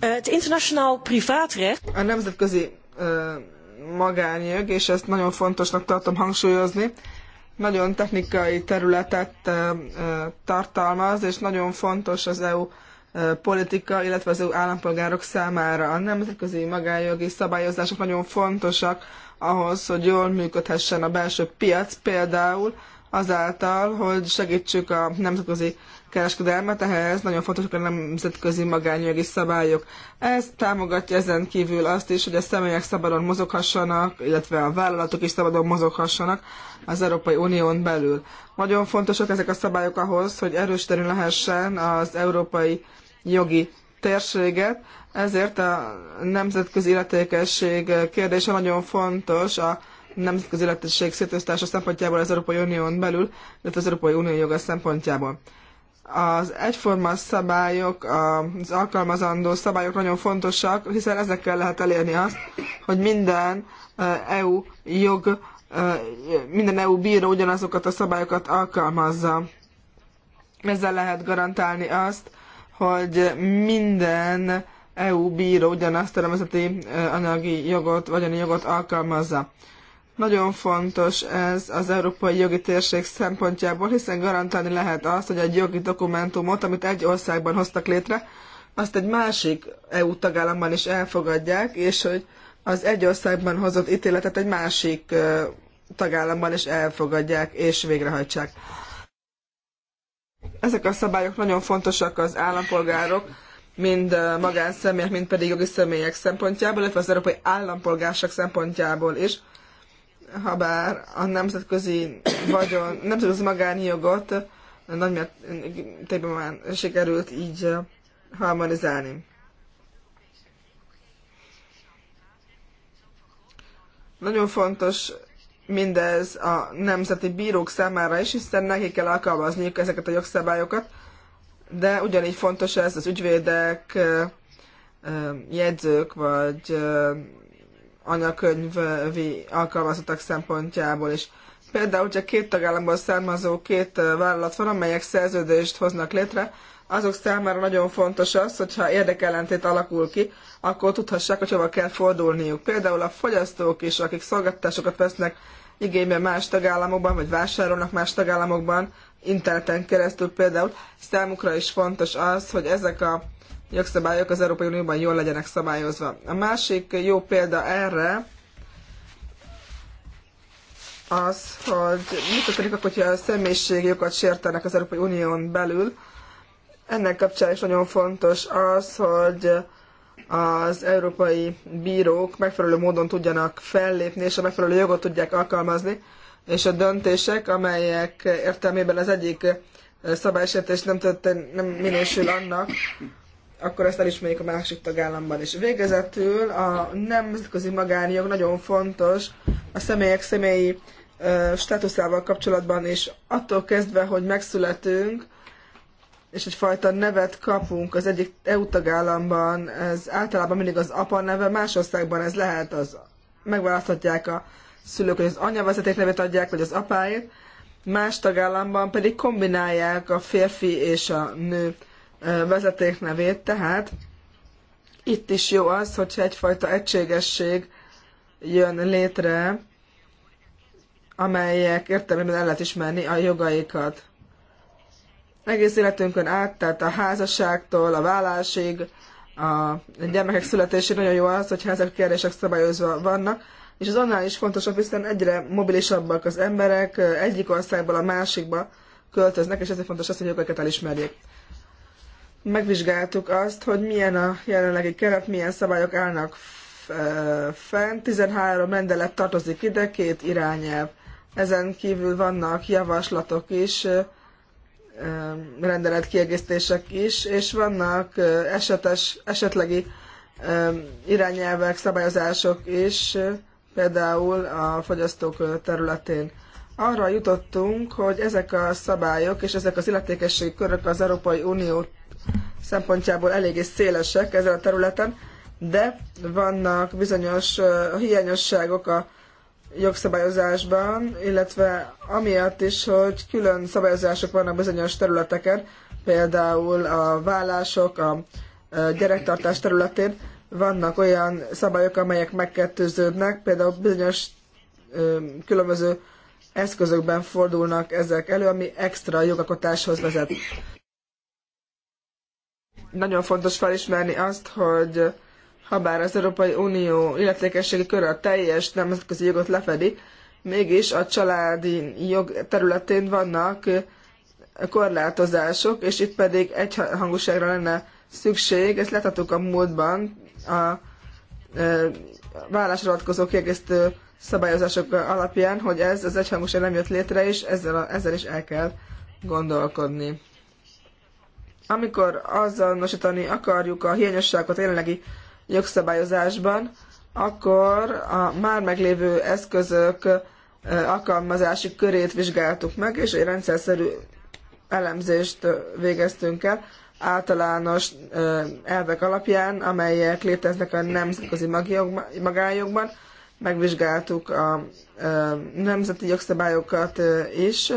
Het A nemzetközi magánjog, és ezt nagyon fontosnak tartom hangsúlyozni, nagyon technikai területet tartalmaz, és nagyon fontos az EU politika, illetve az EU állampolgárok számára. A nemzetközi magánjogi szabályozások nagyon fontosak ahhoz, hogy jól működhessen a belső piac, például azáltal, hogy segítsük a nemzetközi kereskedelmet, ehhez nagyon fontosak a nemzetközi magánjogi szabályok. Ez támogatja ezen kívül azt is, hogy a személyek szabadon mozoghassanak, illetve a vállalatok is szabadon mozoghassanak az Európai Unión belül. Nagyon fontosak ezek a szabályok ahhoz, hogy erősíteni lehessen az európai jogi térséget, ezért a nemzetközi illetékesség kérdése nagyon fontos a nemzetközi illetésség szétosztása szempontjából az Európai Unión belül, illetve az Európai Unió joga szempontjából. Az egyforma szabályok, az alkalmazandó szabályok nagyon fontosak, hiszen ezekkel lehet elérni azt, hogy minden EU jog, minden EU bíró ugyanazokat a szabályokat alkalmazza. Ezzel lehet garantálni azt, hogy minden EU bíró ugyanazt a nemzeti anyagi jogot, vagyoni jogot alkalmazza. Nagyon fontos ez az európai jogi térség szempontjából, hiszen garantálni lehet azt, hogy egy jogi dokumentumot, amit egy országban hoztak létre, azt egy másik EU tagállamban is elfogadják, és hogy az egy országban hozott ítéletet egy másik tagállamban is elfogadják és végrehajtsák. Ezek a szabályok nagyon fontosak az állampolgárok, mind magánszemélyek, mind pedig jogi személyek szempontjából, illetve az európai állampolgárság szempontjából is, ha bár a nemzetközi vagyon, nemzetközi magánjogot nagy mértékben már sikerült így harmonizálni. Nagyon fontos mindez a nemzeti bírók számára is, hiszen nekik kell alkalmazniuk ezeket a jogszabályokat, de ugyanígy fontos ez az ügyvédek, jegyzők vagy anyakönyvi alkalmazottak szempontjából is. Például, hogyha két tagállamból származó két vállalat van, amelyek szerződést hoznak létre, azok számára nagyon fontos az, hogyha érdekellentét alakul ki, akkor tudhassák, hogy hova kell fordulniuk. Például a fogyasztók is, akik szolgáltatásokat vesznek igénybe más tagállamokban, vagy vásárolnak más tagállamokban, interneten keresztül például, számukra is fontos az, hogy ezek a jogszabályok az Európai Unióban jól legyenek szabályozva. A másik jó példa erre az, hogy mi történik akkor, hogyha a személyiségi jogokat sértenek az Európai Unión belül. Ennek kapcsán is nagyon fontos az, hogy az európai bírók megfelelő módon tudjanak fellépni, és a megfelelő jogot tudják alkalmazni, és a döntések, amelyek értelmében az egyik szabálysértés nem, történ, nem minősül annak, akkor ezt elismerik a másik tagállamban is. Végezetül a nemzetközi magánjog nagyon fontos a személyek személyi státuszával kapcsolatban is. Attól kezdve, hogy megszületünk, és egyfajta nevet kapunk az egyik EU tagállamban, ez általában mindig az apa neve, más országban ez lehet, az megválaszthatják a szülők, hogy az anya vezeték nevet adják, vagy az apáit, más tagállamban pedig kombinálják a férfi és a nő vezeték nevét, tehát itt is jó az, hogyha egyfajta egységesség jön létre, amelyek értelmében el lehet ismerni a jogaikat. Egész életünkön át, tehát a házasságtól, a vállásig, a gyermekek születésére nagyon jó az, hogyha ezek kérdések szabályozva vannak, és az annál is fontosabb, hiszen egyre mobilisabbak az emberek, egyik országból a másikba költöznek, és ezért fontos az, hogy jogokat elismerjék megvizsgáltuk azt, hogy milyen a jelenlegi keret, milyen szabályok állnak fent. 13 rendelet tartozik ide, két irányelv. Ezen kívül vannak javaslatok is, kiegészítések is, és vannak esetes, esetlegi irányelvek, szabályozások is, például a fogyasztók területén arra jutottunk, hogy ezek a szabályok és ezek az illetékességi körök az Európai Unió szempontjából eléggé szélesek ezen a területen, de vannak bizonyos hiányosságok a jogszabályozásban, illetve amiatt is, hogy külön szabályozások vannak bizonyos területeken, például a vállások, a gyerektartás területén vannak olyan szabályok, amelyek megkettőződnek, például bizonyos különböző eszközökben fordulnak ezek elő, ami extra jogakotáshoz vezet. Nagyon fontos felismerni azt, hogy ha bár az Európai Unió illetékességi köre a teljes nemzetközi jogot lefedi, mégis a családi jog területén vannak korlátozások, és itt pedig egy hangúságra lenne szükség. Ezt láthatjuk a múltban a vállásra vonatkozó kiegészítő szabályozások alapján, hogy ez az egyhangúság nem jött létre, és ezzel, a, ezzel is el kell gondolkodni. Amikor azonosítani akarjuk a hiányosságot a jelenlegi jogszabályozásban, akkor a már meglévő eszközök alkalmazási körét vizsgáltuk meg, és egy rendszerszerű elemzést végeztünk el általános elvek alapján, amelyek léteznek a nemzetközi magájogban, megvizsgáltuk a nemzeti jogszabályokat is,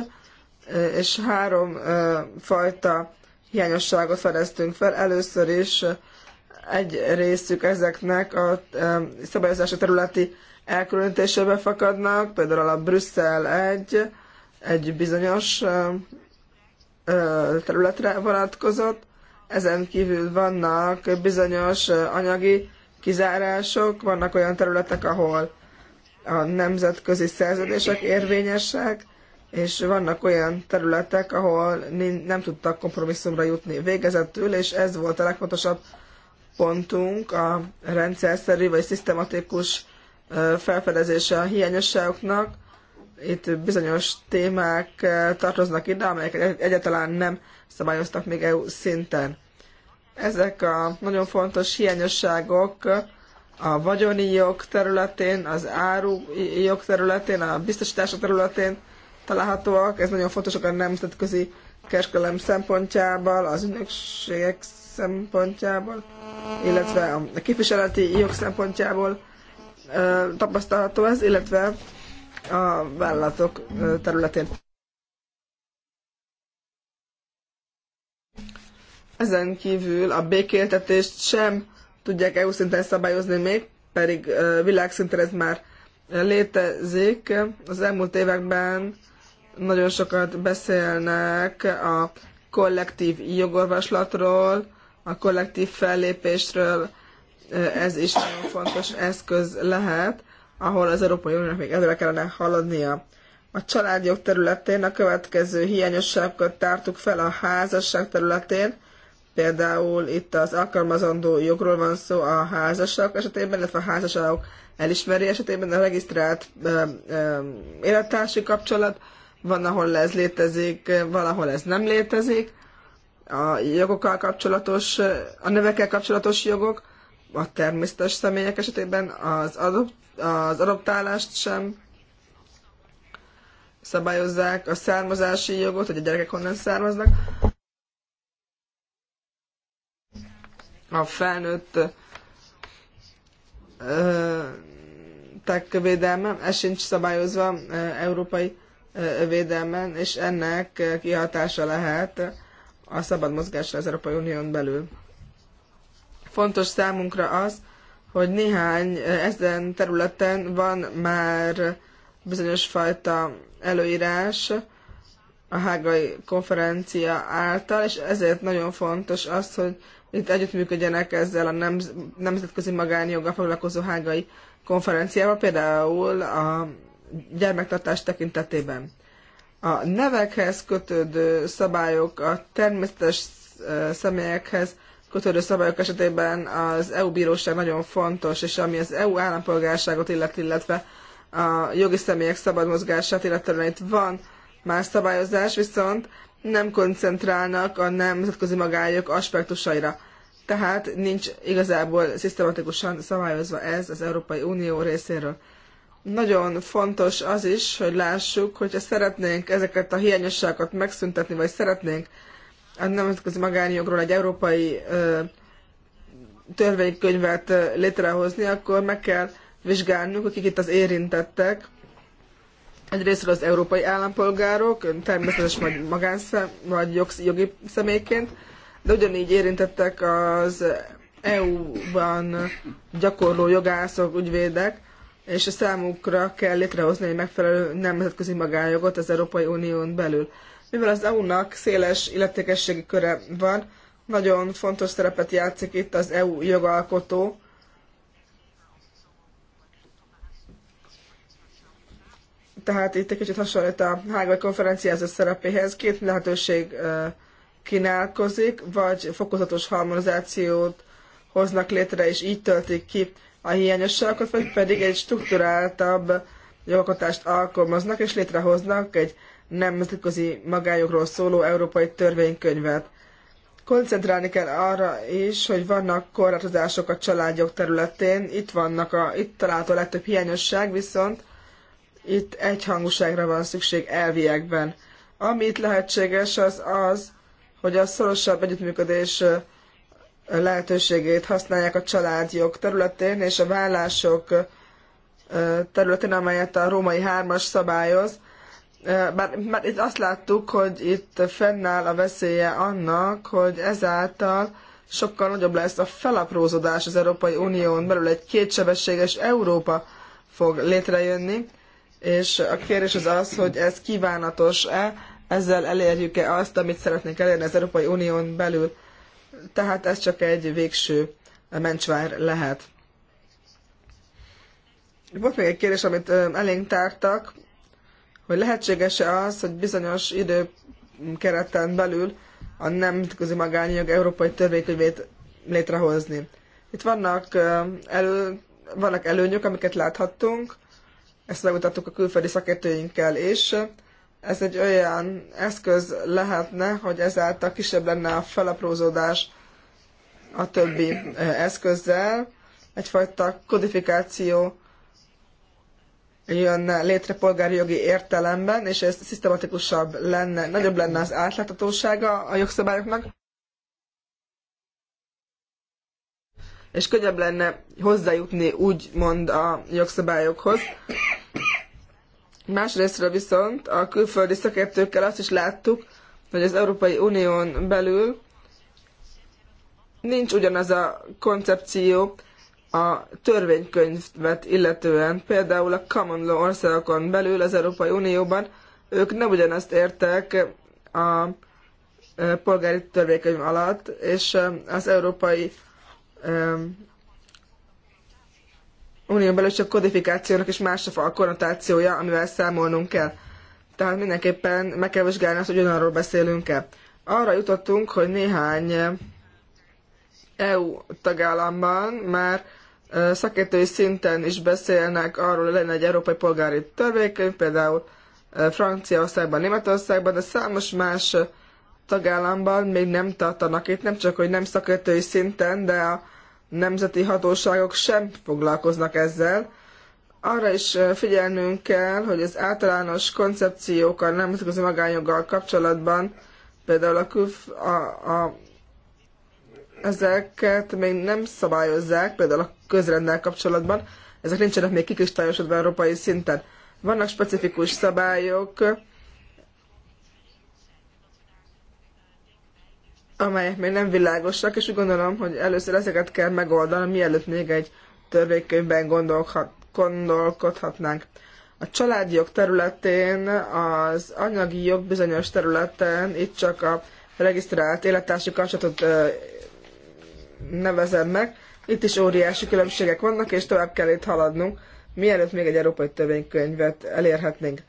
és három fajta hiányosságot fedeztünk fel. Először is egy részük ezeknek a szabályozási területi elkülönítésébe fakadnak, például a Brüsszel egy, egy bizonyos területre vonatkozott, ezen kívül vannak bizonyos anyagi kizárások, vannak olyan területek, ahol a nemzetközi szerződések érvényesek, és vannak olyan területek, ahol nem tudtak kompromisszumra jutni végezetül, és ez volt a legfontosabb pontunk a rendszerszerű vagy szisztematikus felfedezése a hiányosságoknak. Itt bizonyos témák tartoznak ide, amelyeket egyáltalán nem szabályoztak még EU szinten. Ezek a nagyon fontos hiányosságok a vagyoni jog területén, az áru jog területén, a biztosítások területén találhatóak. Ez nagyon fontosak a nemzetközi kereskedelem szempontjából, az ügynökségek szempontjából, illetve a képviseleti jog szempontjából tapasztalható ez, illetve a vállalatok területén. Ezen kívül a békéltetést sem tudják EU szinten szabályozni még, pedig világszinten ez már létezik. Az elmúlt években nagyon sokat beszélnek a kollektív jogorvaslatról, a kollektív fellépésről, ez is nagyon fontos eszköz lehet, ahol az Európai Uniónak még előre kellene haladnia. A családjog területén a következő hiányosságokat tártuk fel a házasság területén, Például itt az alkalmazandó jogról van szó a házasok esetében, illetve a házasok elismeri esetében a regisztrált ö, ö, élettársi kapcsolat, van, ahol ez létezik, valahol ez nem létezik, a jogokkal kapcsolatos, a nevekkel kapcsolatos jogok, a természetes személyek esetében az, adopt, az adoptálást sem szabályozzák, a származási jogot, hogy a gyerekek honnan származnak. a felnőtt tek védelme, ez sincs szabályozva európai védelmen, és ennek kihatása lehet a szabad mozgásra az Európai Unión belül. Fontos számunkra az, hogy néhány ezen területen van már bizonyos fajta előírás a hágai konferencia által, és ezért nagyon fontos az, hogy itt együttműködjenek ezzel a nem, nemzetközi magánjoggal foglalkozó hágai konferenciával, például a gyermektartás tekintetében. A nevekhez kötődő szabályok, a természetes személyekhez kötődő szabályok esetében az EU bíróság nagyon fontos, és ami az EU állampolgárságot illet, illetve a jogi személyek szabad mozgását, illetően itt van más szabályozás, viszont nem koncentrálnak a nemzetközi magányok aspektusaira tehát nincs igazából szisztematikusan szabályozva ez az Európai Unió részéről. Nagyon fontos az is, hogy lássuk, hogyha szeretnénk ezeket a hiányosságokat megszüntetni, vagy szeretnénk a nemzetközi magánjogról egy európai ö, törvénykönyvet létrehozni, akkor meg kell vizsgálnunk, akik itt az érintettek. Egyrésztről az európai állampolgárok, természetesen vagy magánszem, vagy jogi személyként, de ugyanígy érintettek az EU-ban gyakorló jogászok, ügyvédek, és a számukra kell létrehozni egy megfelelő nemzetközi magánjogot az Európai Unión belül. Mivel az EU-nak széles illetékességi köre van, nagyon fontos szerepet játszik itt az EU jogalkotó, tehát itt egy kicsit hasonlít a Hágai konferenciázó szerepéhez. Két lehetőség kínálkozik, vagy fokozatos harmonizációt hoznak létre, és így töltik ki a hiányosságokat, vagy pedig egy strukturáltabb jogalkotást alkalmaznak, és létrehoznak egy nemzetközi magányokról szóló európai törvénykönyvet. Koncentrálni kell arra is, hogy vannak korlátozások a családjog területén, itt vannak a, itt található a legtöbb hiányosság, viszont itt egyhangúságra van szükség elviekben. Ami lehetséges, az az, hogy a szorosabb együttműködés lehetőségét használják a családjog területén és a vállások területén, amelyet a római hármas szabályoz. Bár, bár itt azt láttuk, hogy itt fennáll a veszélye annak, hogy ezáltal sokkal nagyobb lesz a felaprózódás az Európai Unión belül, egy kétsebességes Európa fog létrejönni, és a kérdés az az, hogy ez kívánatos-e, ezzel elérjük-e azt, amit szeretnénk elérni az Európai Unión belül. Tehát ez csak egy végső mencsvár lehet. Volt még egy kérdés, amit elénk tártak, hogy lehetséges-e az, hogy bizonyos időkereten belül a nemzetközi magányjog európai törvénykönyvét létrehozni. Itt vannak, elő, vannak előnyök, amiket láthattunk, ezt megmutattuk a külföldi szakértőinkkel is, ez egy olyan eszköz lehetne, hogy ezáltal kisebb lenne a felaprózódás a többi eszközzel, egyfajta kodifikáció jönne létre polgári jogi értelemben, és ez szisztematikusabb lenne, nagyobb lenne az átláthatósága a jogszabályoknak, és könnyebb lenne hozzájutni úgymond a jogszabályokhoz, Másrésztről viszont a külföldi szakértőkkel azt is láttuk, hogy az Európai Unión belül nincs ugyanaz a koncepció a törvénykönyvet illetően. Például a common law országokon belül az Európai Unióban ők nem ugyanazt értek a e, polgári törvénykönyv alatt, és e, az európai e, unión belül csak a kodifikációnak és más a konnotációja, amivel számolnunk kell. Tehát mindenképpen meg kell vizsgálni azt, hogy ugyanarról beszélünk-e. Arra jutottunk, hogy néhány EU eh, e tagállamban már eh, szakértői szinten is beszélnek arról, hogy lenne egy európai polgári törvénykönyv, például eh, Franciaországban, Németországban, de számos más tagállamban még nem tartanak itt, nem csak, hogy nem szakértői szinten, de a nemzeti hatóságok sem foglalkoznak ezzel. Arra is figyelnünk kell, hogy az általános koncepciók a nemzetközi magányjoggal kapcsolatban, például a, külf, a, a ezeket még nem szabályozzák, például a közrendel kapcsolatban, ezek nincsenek még kikristályosodva európai szinten. Vannak specifikus szabályok, amelyek még nem világosak, és úgy gondolom, hogy először ezeket kell megoldani, mielőtt még egy törvénykönyvben gondolkodhatnánk. A családi jog területén, az anyagi jog bizonyos területen, itt csak a regisztrált élettársi kapcsolatot nevezem meg, itt is óriási különbségek vannak, és tovább kell itt haladnunk, mielőtt még egy európai törvénykönyvet elérhetnénk.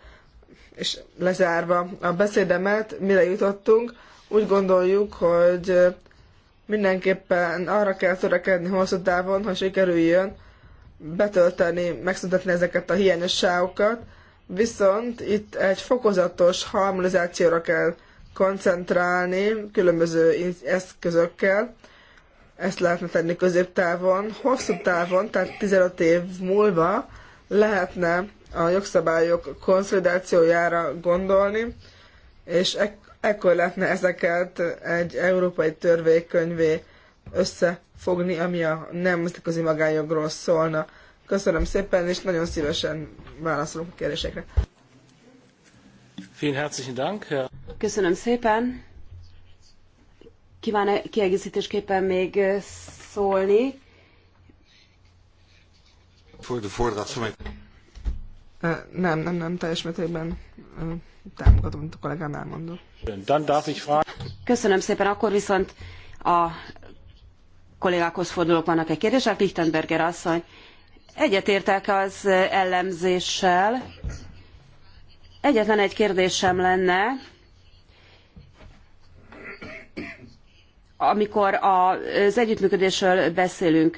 És lezárva a beszédemet, mire jutottunk, úgy gondoljuk, hogy mindenképpen arra kell törekedni hosszú távon, hogy sikerüljön betölteni, megszüntetni ezeket a hiányosságokat, viszont itt egy fokozatos harmonizációra kell koncentrálni különböző eszközökkel, ezt lehetne tenni középtávon, hosszú távon, tehát 15 év múlva lehetne a jogszabályok konszolidációjára gondolni, és Ekkor lehetne ezeket egy európai törvénykönyvé összefogni, ami a nemzetközi magányokról szólna. Köszönöm szépen, és nagyon szívesen válaszolok a kérdésekre. herzlichen Dank. Köszönöm szépen. Kíván kiegészítésképpen még szólni? Nem, nem, nem, teljes mértékben támogatom, amit a kollégám elmondott. Köszönöm szépen, akkor viszont a kollégákhoz fordulok, vannak-e kérdések? Hát Lichtenberger asszony, egyetértek az ellenzéssel. Egyetlen egy kérdésem lenne, amikor az együttműködésről beszélünk,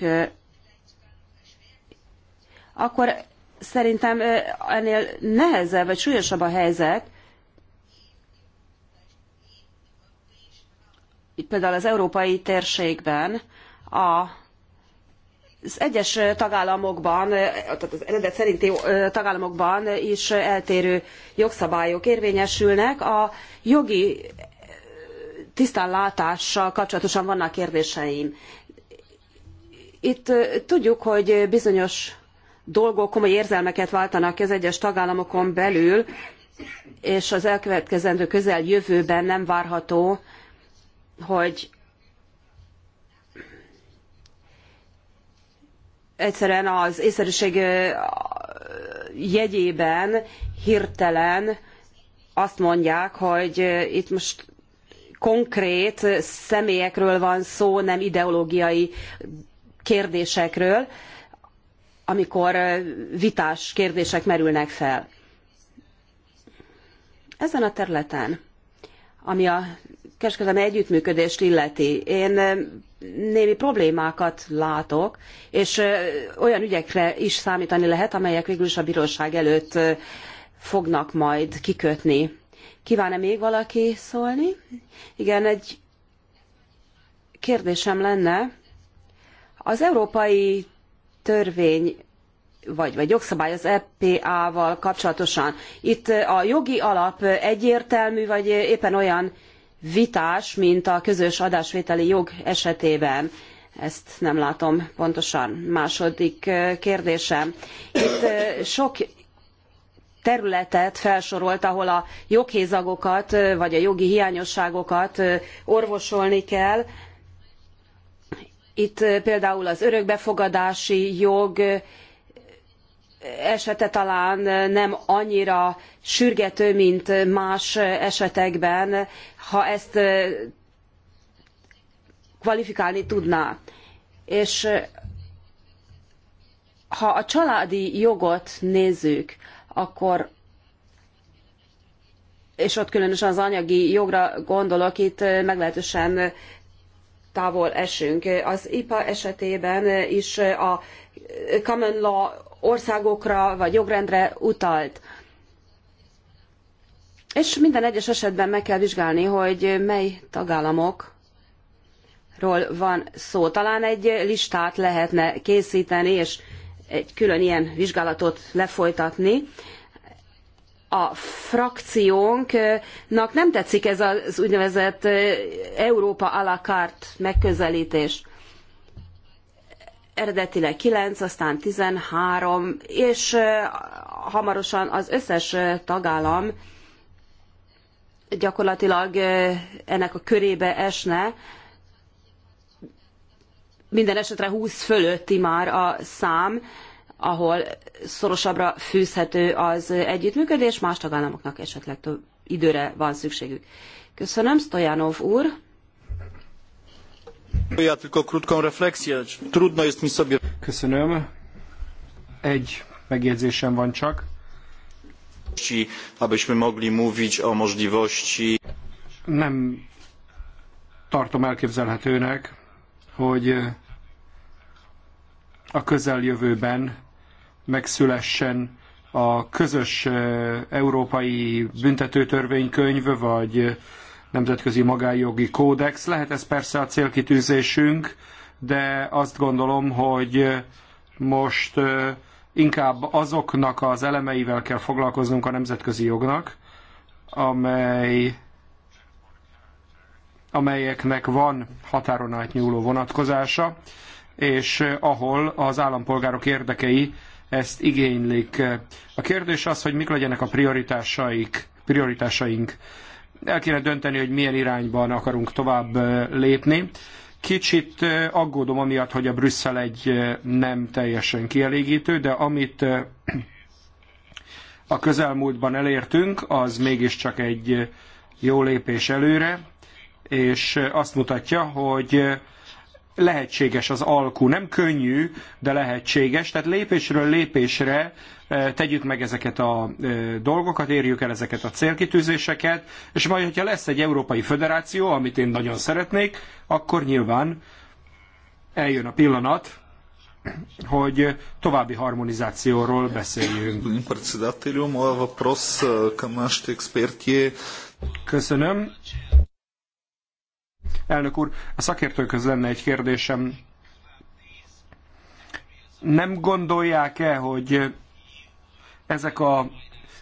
akkor szerintem ennél nehezebb vagy súlyosabb a helyzet. Itt például az európai térségben a az egyes tagállamokban, tehát az eredet szerinti tagállamokban is eltérő jogszabályok érvényesülnek. A jogi tisztánlátással kapcsolatosan vannak kérdéseim. Itt tudjuk, hogy bizonyos dolgok komoly érzelmeket váltanak ki az egyes tagállamokon belül, és az elkövetkezendő közeljövőben nem várható, hogy egyszerűen az észszerűség jegyében hirtelen azt mondják, hogy itt most konkrét személyekről van szó, nem ideológiai kérdésekről amikor vitás kérdések merülnek fel. Ezen a területen, ami a kereskedelmi együttműködést illeti, én némi problémákat látok, és olyan ügyekre is számítani lehet, amelyek végül is a bíróság előtt fognak majd kikötni. Kíván-e még valaki szólni? Igen, egy kérdésem lenne. Az Európai törvény vagy, vagy jogszabály az EPA-val kapcsolatosan. Itt a jogi alap egyértelmű, vagy éppen olyan vitás, mint a közös adásvételi jog esetében. Ezt nem látom pontosan. Második kérdésem. Itt sok területet felsorolt, ahol a joghézagokat, vagy a jogi hiányosságokat orvosolni kell itt eh, például az örökbefogadási jog eh, esete talán eh, nem annyira sürgető, mint más esetekben, ha ezt kvalifikálni tudná. És ha a családi jogot nézzük, akkor és ott különösen az anyagi jogra gondolok, itt meglehetősen távol esünk. Az IPA esetében is a common law országokra vagy jogrendre utalt. És minden egyes esetben meg kell vizsgálni, hogy mely tagállamokról van szó. Talán egy listát lehetne készíteni, és egy külön ilyen vizsgálatot lefolytatni a frakciónknak nem tetszik ez az úgynevezett Európa à la carte megközelítés. Eredetileg 9, aztán 13, és hamarosan az összes tagállam gyakorlatilag ennek a körébe esne, minden esetre 20 fölötti már a szám, ahol szorosabbra fűzhető az együttműködés, más tagállamoknak esetleg több időre van szükségük. Köszönöm, Stojanov úr. Ja Trudno jest mi sobie... Köszönöm. Egy megjegyzésem van csak. Abyśmy mogli mówić o możliwości... Nem tartom elképzelhetőnek, hogy a közeljövőben megszülessen a közös európai büntetőtörvénykönyv, vagy nemzetközi magánjogi kódex. Lehet ez persze a célkitűzésünk, de azt gondolom, hogy most inkább azoknak az elemeivel kell foglalkoznunk a nemzetközi jognak, amely, amelyeknek van határon átnyúló vonatkozása, és ahol az állampolgárok érdekei ezt igénylik. A kérdés az, hogy mik legyenek a prioritásaik, prioritásaink. El kéne dönteni, hogy milyen irányban akarunk tovább lépni. Kicsit aggódom amiatt, hogy a Brüsszel egy nem teljesen kielégítő, de amit a közelmúltban elértünk, az mégiscsak egy jó lépés előre, és azt mutatja, hogy lehetséges az alkú. Nem könnyű, de lehetséges. Tehát lépésről lépésre eh, tegyük meg ezeket a eh, dolgokat, érjük el ezeket a célkitűzéseket, és majd, hogyha lesz egy európai föderáció, amit én nagyon szeretnék, akkor nyilván eljön a pillanat, hogy további harmonizációról beszéljünk. Eh, Köszönöm. Elnök úr, a szakértőköz lenne egy kérdésem. Nem gondolják-e, hogy ezek a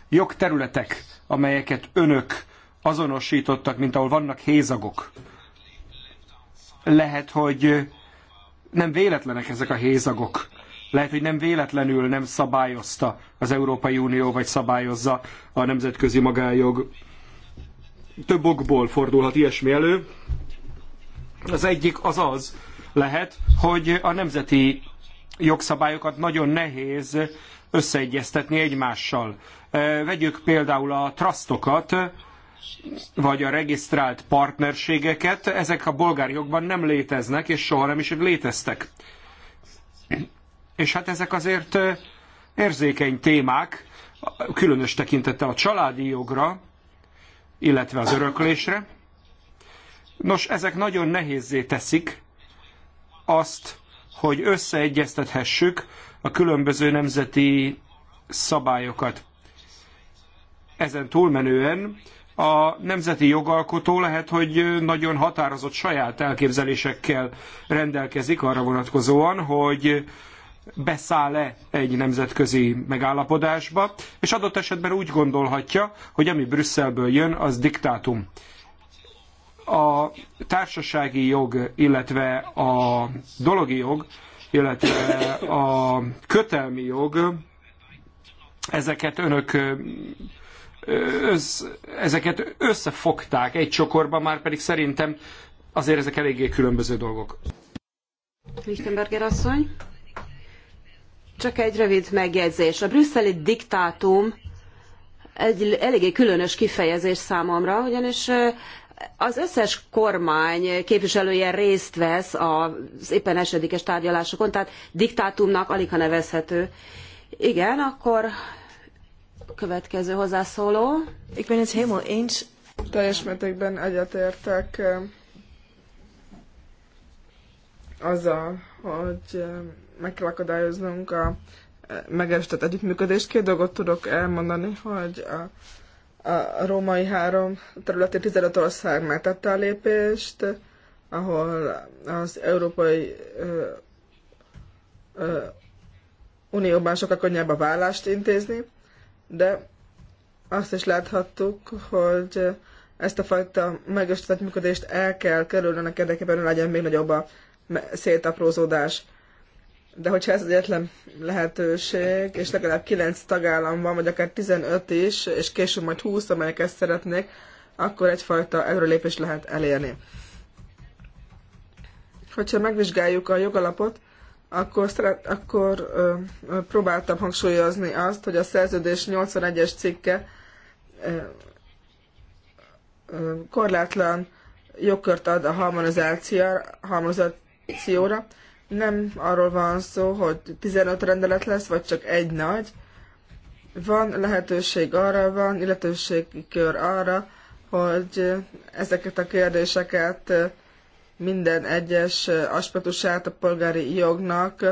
jogterületek, amelyeket önök azonosítottak, mint ahol vannak hézagok, lehet, hogy nem véletlenek ezek a hézagok. Lehet, hogy nem véletlenül nem szabályozta az Európai Unió, vagy szabályozza a nemzetközi magájog. Több okból fordulhat ilyesmi elő. Az egyik az az lehet, hogy a nemzeti jogszabályokat nagyon nehéz összeegyeztetni egymással. Vegyük például a trustokat, vagy a regisztrált partnerségeket, ezek a bolgár jogban nem léteznek, és soha nem is léteztek. És hát ezek azért érzékeny témák, különös tekintettel a családi jogra, illetve az öröklésre. Nos, ezek nagyon nehézé teszik azt, hogy összeegyeztethessük a különböző nemzeti szabályokat. Ezen túlmenően a nemzeti jogalkotó lehet, hogy nagyon határozott saját elképzelésekkel rendelkezik arra vonatkozóan, hogy beszáll-e egy nemzetközi megállapodásba, és adott esetben úgy gondolhatja, hogy ami Brüsszelből jön, az diktátum a társasági jog, illetve a dologi jog, illetve a kötelmi jog, ezeket önök össz, ezeket összefogták egy csokorban, már pedig szerintem azért ezek eléggé különböző dolgok. Lichtenberger asszony, csak egy rövid megjegyzés. A brüsszeli diktátum egy eléggé különös kifejezés számomra, ugyanis az összes kormány képviselője részt vesz az éppen esedékes tárgyalásokon, tehát diktátumnak alig ha nevezhető. Igen, akkor következő hozzászóló. Ik ben het helemaal eens. Teljes mértékben egyetértek eh, azzal, hogy eh, meg kell akadályoznunk a eh, megerősített együttműködést. Két dolgot tudok elmondani, hogy a a római három területén 15 ország megtette a lépést, ahol az Európai ö, ö, Unióban sokkal könnyebb a vállást intézni, de azt is láthattuk, hogy ezt a fajta megösztött működést el kell kerülni, annak érdekében legyen még nagyobb a szétaprózódás de hogyha ez az egyetlen lehetőség, és legalább 9 tagállam van, vagy akár 15 is, és később majd 20, amelyek ezt szeretnék, akkor egyfajta előrelépést lehet elérni. Hogyha megvizsgáljuk a jogalapot, akkor, szeret, akkor ö, ö, próbáltam hangsúlyozni azt, hogy a szerződés 81-es cikke ö, ö, korlátlan jogkört ad a harmonizációra, harmonizációra nem arról van szó, hogy 15 rendelet lesz, vagy csak egy nagy. Van lehetőség arra, van illetőségi kör arra, hogy ezeket a kérdéseket minden egyes aspektusát a polgári jognak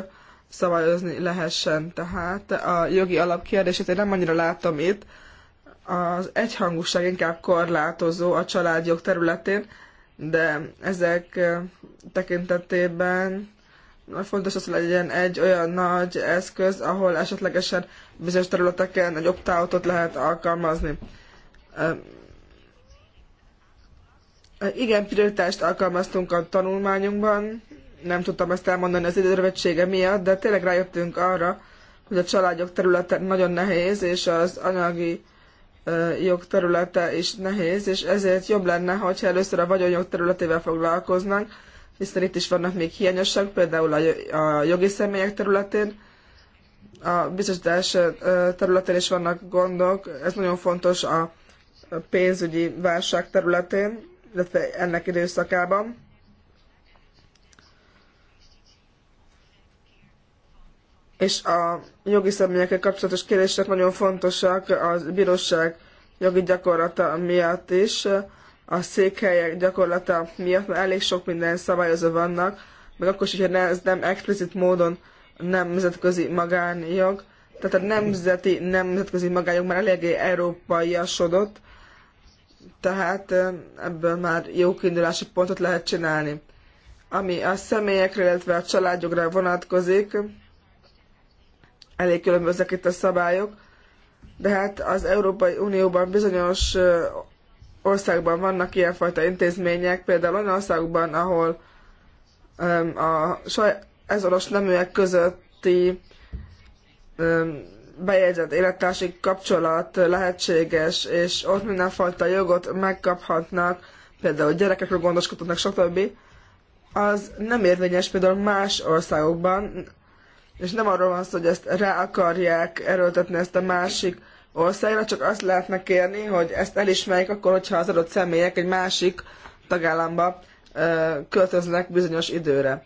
szabályozni lehessen. Tehát a jogi alapkérdését én nem annyira látom itt. Az egyhangúság inkább korlátozó a családjog területén, de ezek tekintetében fontos az, hogy legyen egy olyan nagy eszköz, ahol esetlegesen bizonyos területeken egy opt lehet alkalmazni. Igen, prioritást alkalmaztunk a tanulmányunkban, nem tudtam ezt elmondani az időrövetsége miatt, de tényleg rájöttünk arra, hogy a családjog területe nagyon nehéz, és az anyagi jog területe is nehéz, és ezért jobb lenne, hogyha először a vagyonjog területével foglalkoznánk, hiszen itt is vannak még hiányosak, például a jogi személyek területén, a biztosítás területén is vannak gondok, ez nagyon fontos a pénzügyi válság területén, illetve ennek időszakában. És a jogi személyekkel kapcsolatos kérdések nagyon fontosak a bíróság jogi gyakorlata miatt is a székhelyek gyakorlata miatt, mert elég sok minden szabályozó vannak, meg akkor is, hogyha ez nem explicit módon nemzetközi magánjog, tehát a nemzeti, nemzetközi magánjog már eléggé asodott, tehát ebből már jó kiindulási pontot lehet csinálni. Ami a személyekre, illetve a családjogra vonatkozik, elég különböznek itt a szabályok, de hát az Európai Unióban bizonyos országban vannak ilyenfajta intézmények, például olyan országokban, ahol um, a saj, ezonos neműek közötti um, bejegyzett élettársi kapcsolat lehetséges, és ott mindenfajta jogot megkaphatnak, például gyerekekről gondoskodhatnak, stb. Az nem érvényes például más országokban, és nem arról van szó, hogy ezt rá akarják erőltetni ezt a másik országra, csak azt lehetne kérni, hogy ezt elismerjék akkor, hogyha az adott személyek egy másik tagállamba költöznek bizonyos időre.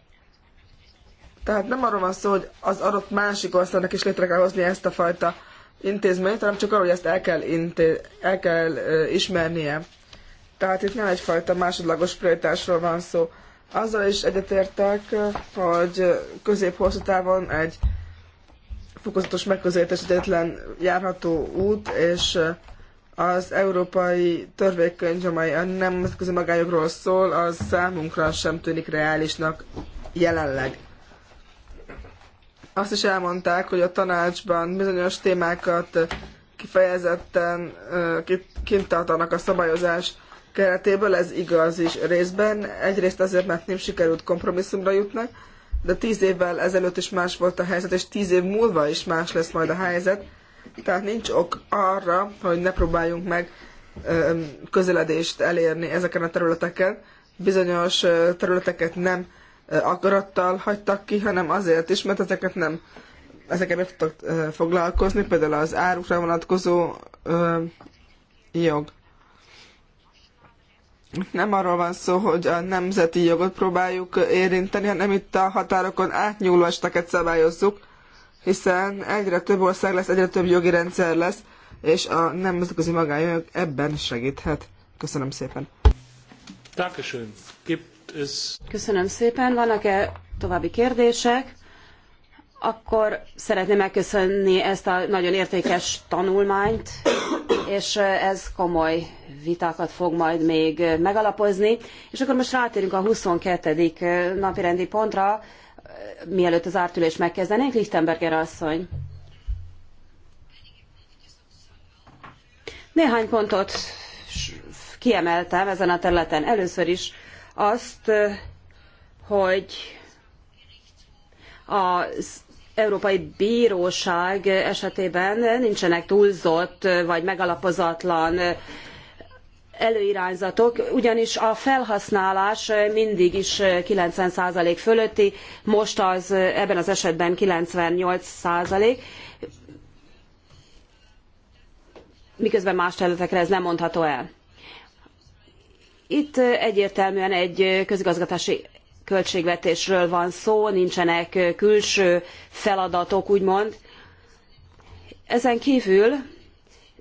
Tehát nem arról van szó, hogy az adott másik országnak is létre kell hozni ezt a fajta intézményt, hanem csak arról, hogy ezt el kell, inté- el kell ö, ismernie. Tehát itt nem egyfajta másodlagos prioritásról van szó. Azzal is egyetértek, hogy közép-hosszú távon egy fokozatos megközelítés járható út, és eh, az európai törvénykönyv, amely a nemzetközi magányokról szól, az számunkra sem tűnik reálisnak jelenleg. Azt is elmondták, hogy a tanácsban bizonyos témákat eh, kifejezetten eh, kint tartanak a szabályozás keretéből, ez igaz is részben. Egyrészt azért, mert nem sikerült kompromisszumra jutnak, de tíz évvel ezelőtt is más volt a helyzet, és tíz év múlva is más lesz majd a helyzet. Tehát nincs ok arra, hogy ne próbáljunk meg közeledést elérni ezeken a területeken. Bizonyos területeket nem akarattal hagytak ki, hanem azért is, mert ezeket nem ezeket nem tudtak foglalkozni, például az árukra vonatkozó jog nem arról van szó, hogy a nemzeti jogot próbáljuk érinteni, hanem itt a határokon átnyúló esteket szabályozzuk, hiszen egyre több ország lesz, egyre több jogi rendszer lesz, és a nemzetközi magánjog ebben segíthet. Köszönöm szépen. Köszönöm szépen. Vannak-e további kérdések? Akkor szeretném megköszönni ezt a nagyon értékes tanulmányt, és ez komoly vitákat fog majd még megalapozni. És akkor most rátérünk a 22. napirendi pontra, mielőtt az ártülés megkezdenénk. Lichtenberger asszony. Néhány pontot kiemeltem ezen a területen. Először is azt, hogy az Európai Bíróság esetében nincsenek túlzott vagy megalapozatlan előirányzatok, ugyanis a felhasználás mindig is 90% fölötti, most az ebben az esetben 98%, miközben más területekre ez nem mondható el. Itt egyértelműen egy közigazgatási költségvetésről van szó, nincsenek külső feladatok, úgymond. Ezen kívül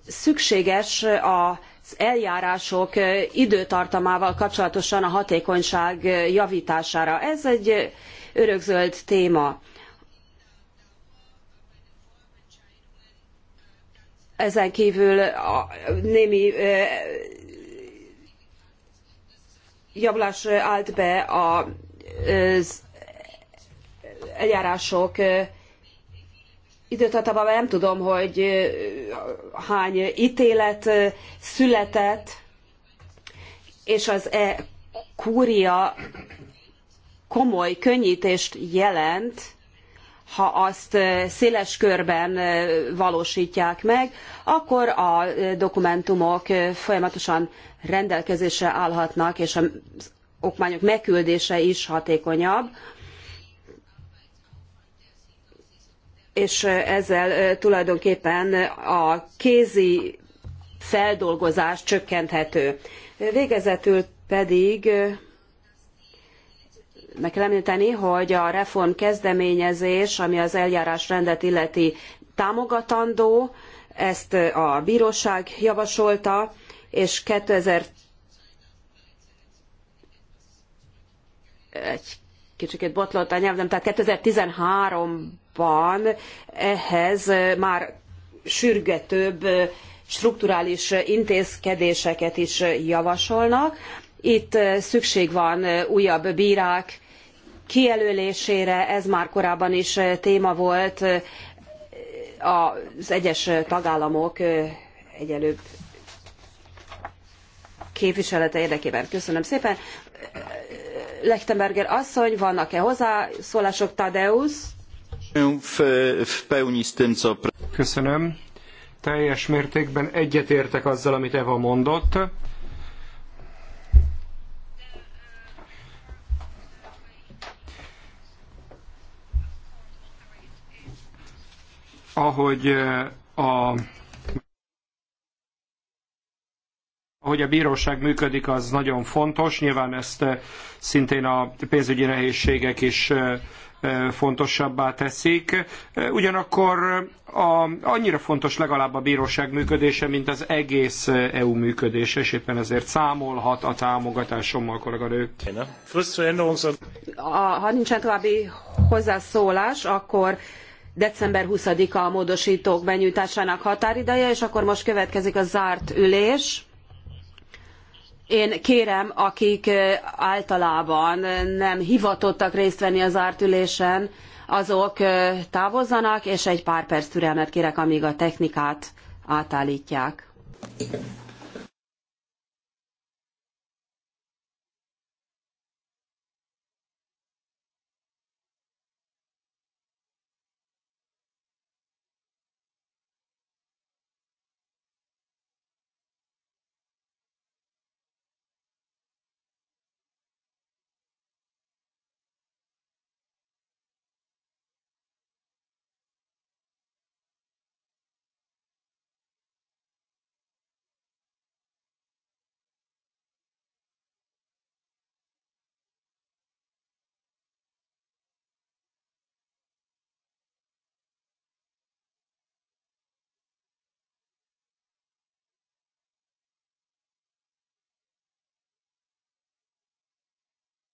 szükséges a eljárások időtartamával kapcsolatosan a hatékonyság javítására. Ez egy örökzöld téma. Ezen kívül a némi javulás állt be az eljárások időtartamban nem tudom, hogy hány ítélet született, és az e kúria komoly könnyítést jelent, ha azt széles körben valósítják meg, akkor a dokumentumok folyamatosan rendelkezésre állhatnak, és az okmányok megküldése is hatékonyabb. és ezzel tulajdonképpen a kézi feldolgozás csökkenthető. Végezetül pedig meg kell említeni, hogy a reform kezdeményezés, ami az eljárásrendet illeti támogatandó, ezt a bíróság javasolta, és 2000 egy kicsikét botlott a nyelvem, tehát 2013 Európában ehhez már sürgetőbb strukturális intézkedéseket is javasolnak. Itt szükség van újabb bírák kijelölésére, ez már korábban is téma volt, az egyes tagállamok egyelőbb képviselete érdekében. Köszönöm szépen. Lechtenberger asszony, vannak-e hozzászólások? Tadeusz? Köszönöm. Teljes mértékben egyetértek azzal, amit Eva mondott. Ahogy eh, a hogy a bíróság működik, az nagyon fontos. Nyilván ezt eh, szintén a pénzügyi nehézségek is eh, fontosabbá teszik. Ugyanakkor a, annyira fontos legalább a bíróság működése, mint az egész EU működése, és éppen ezért számolhat a támogatásommal, kolléganő. Ha nincsen további hozzászólás, akkor december 20-a a módosítók benyújtásának határideje, és akkor most következik a zárt ülés én kérem, akik általában nem hivatottak részt venni az zárt ülésen, azok távozzanak, és egy pár perc türelmet kérek, amíg a technikát átálltják.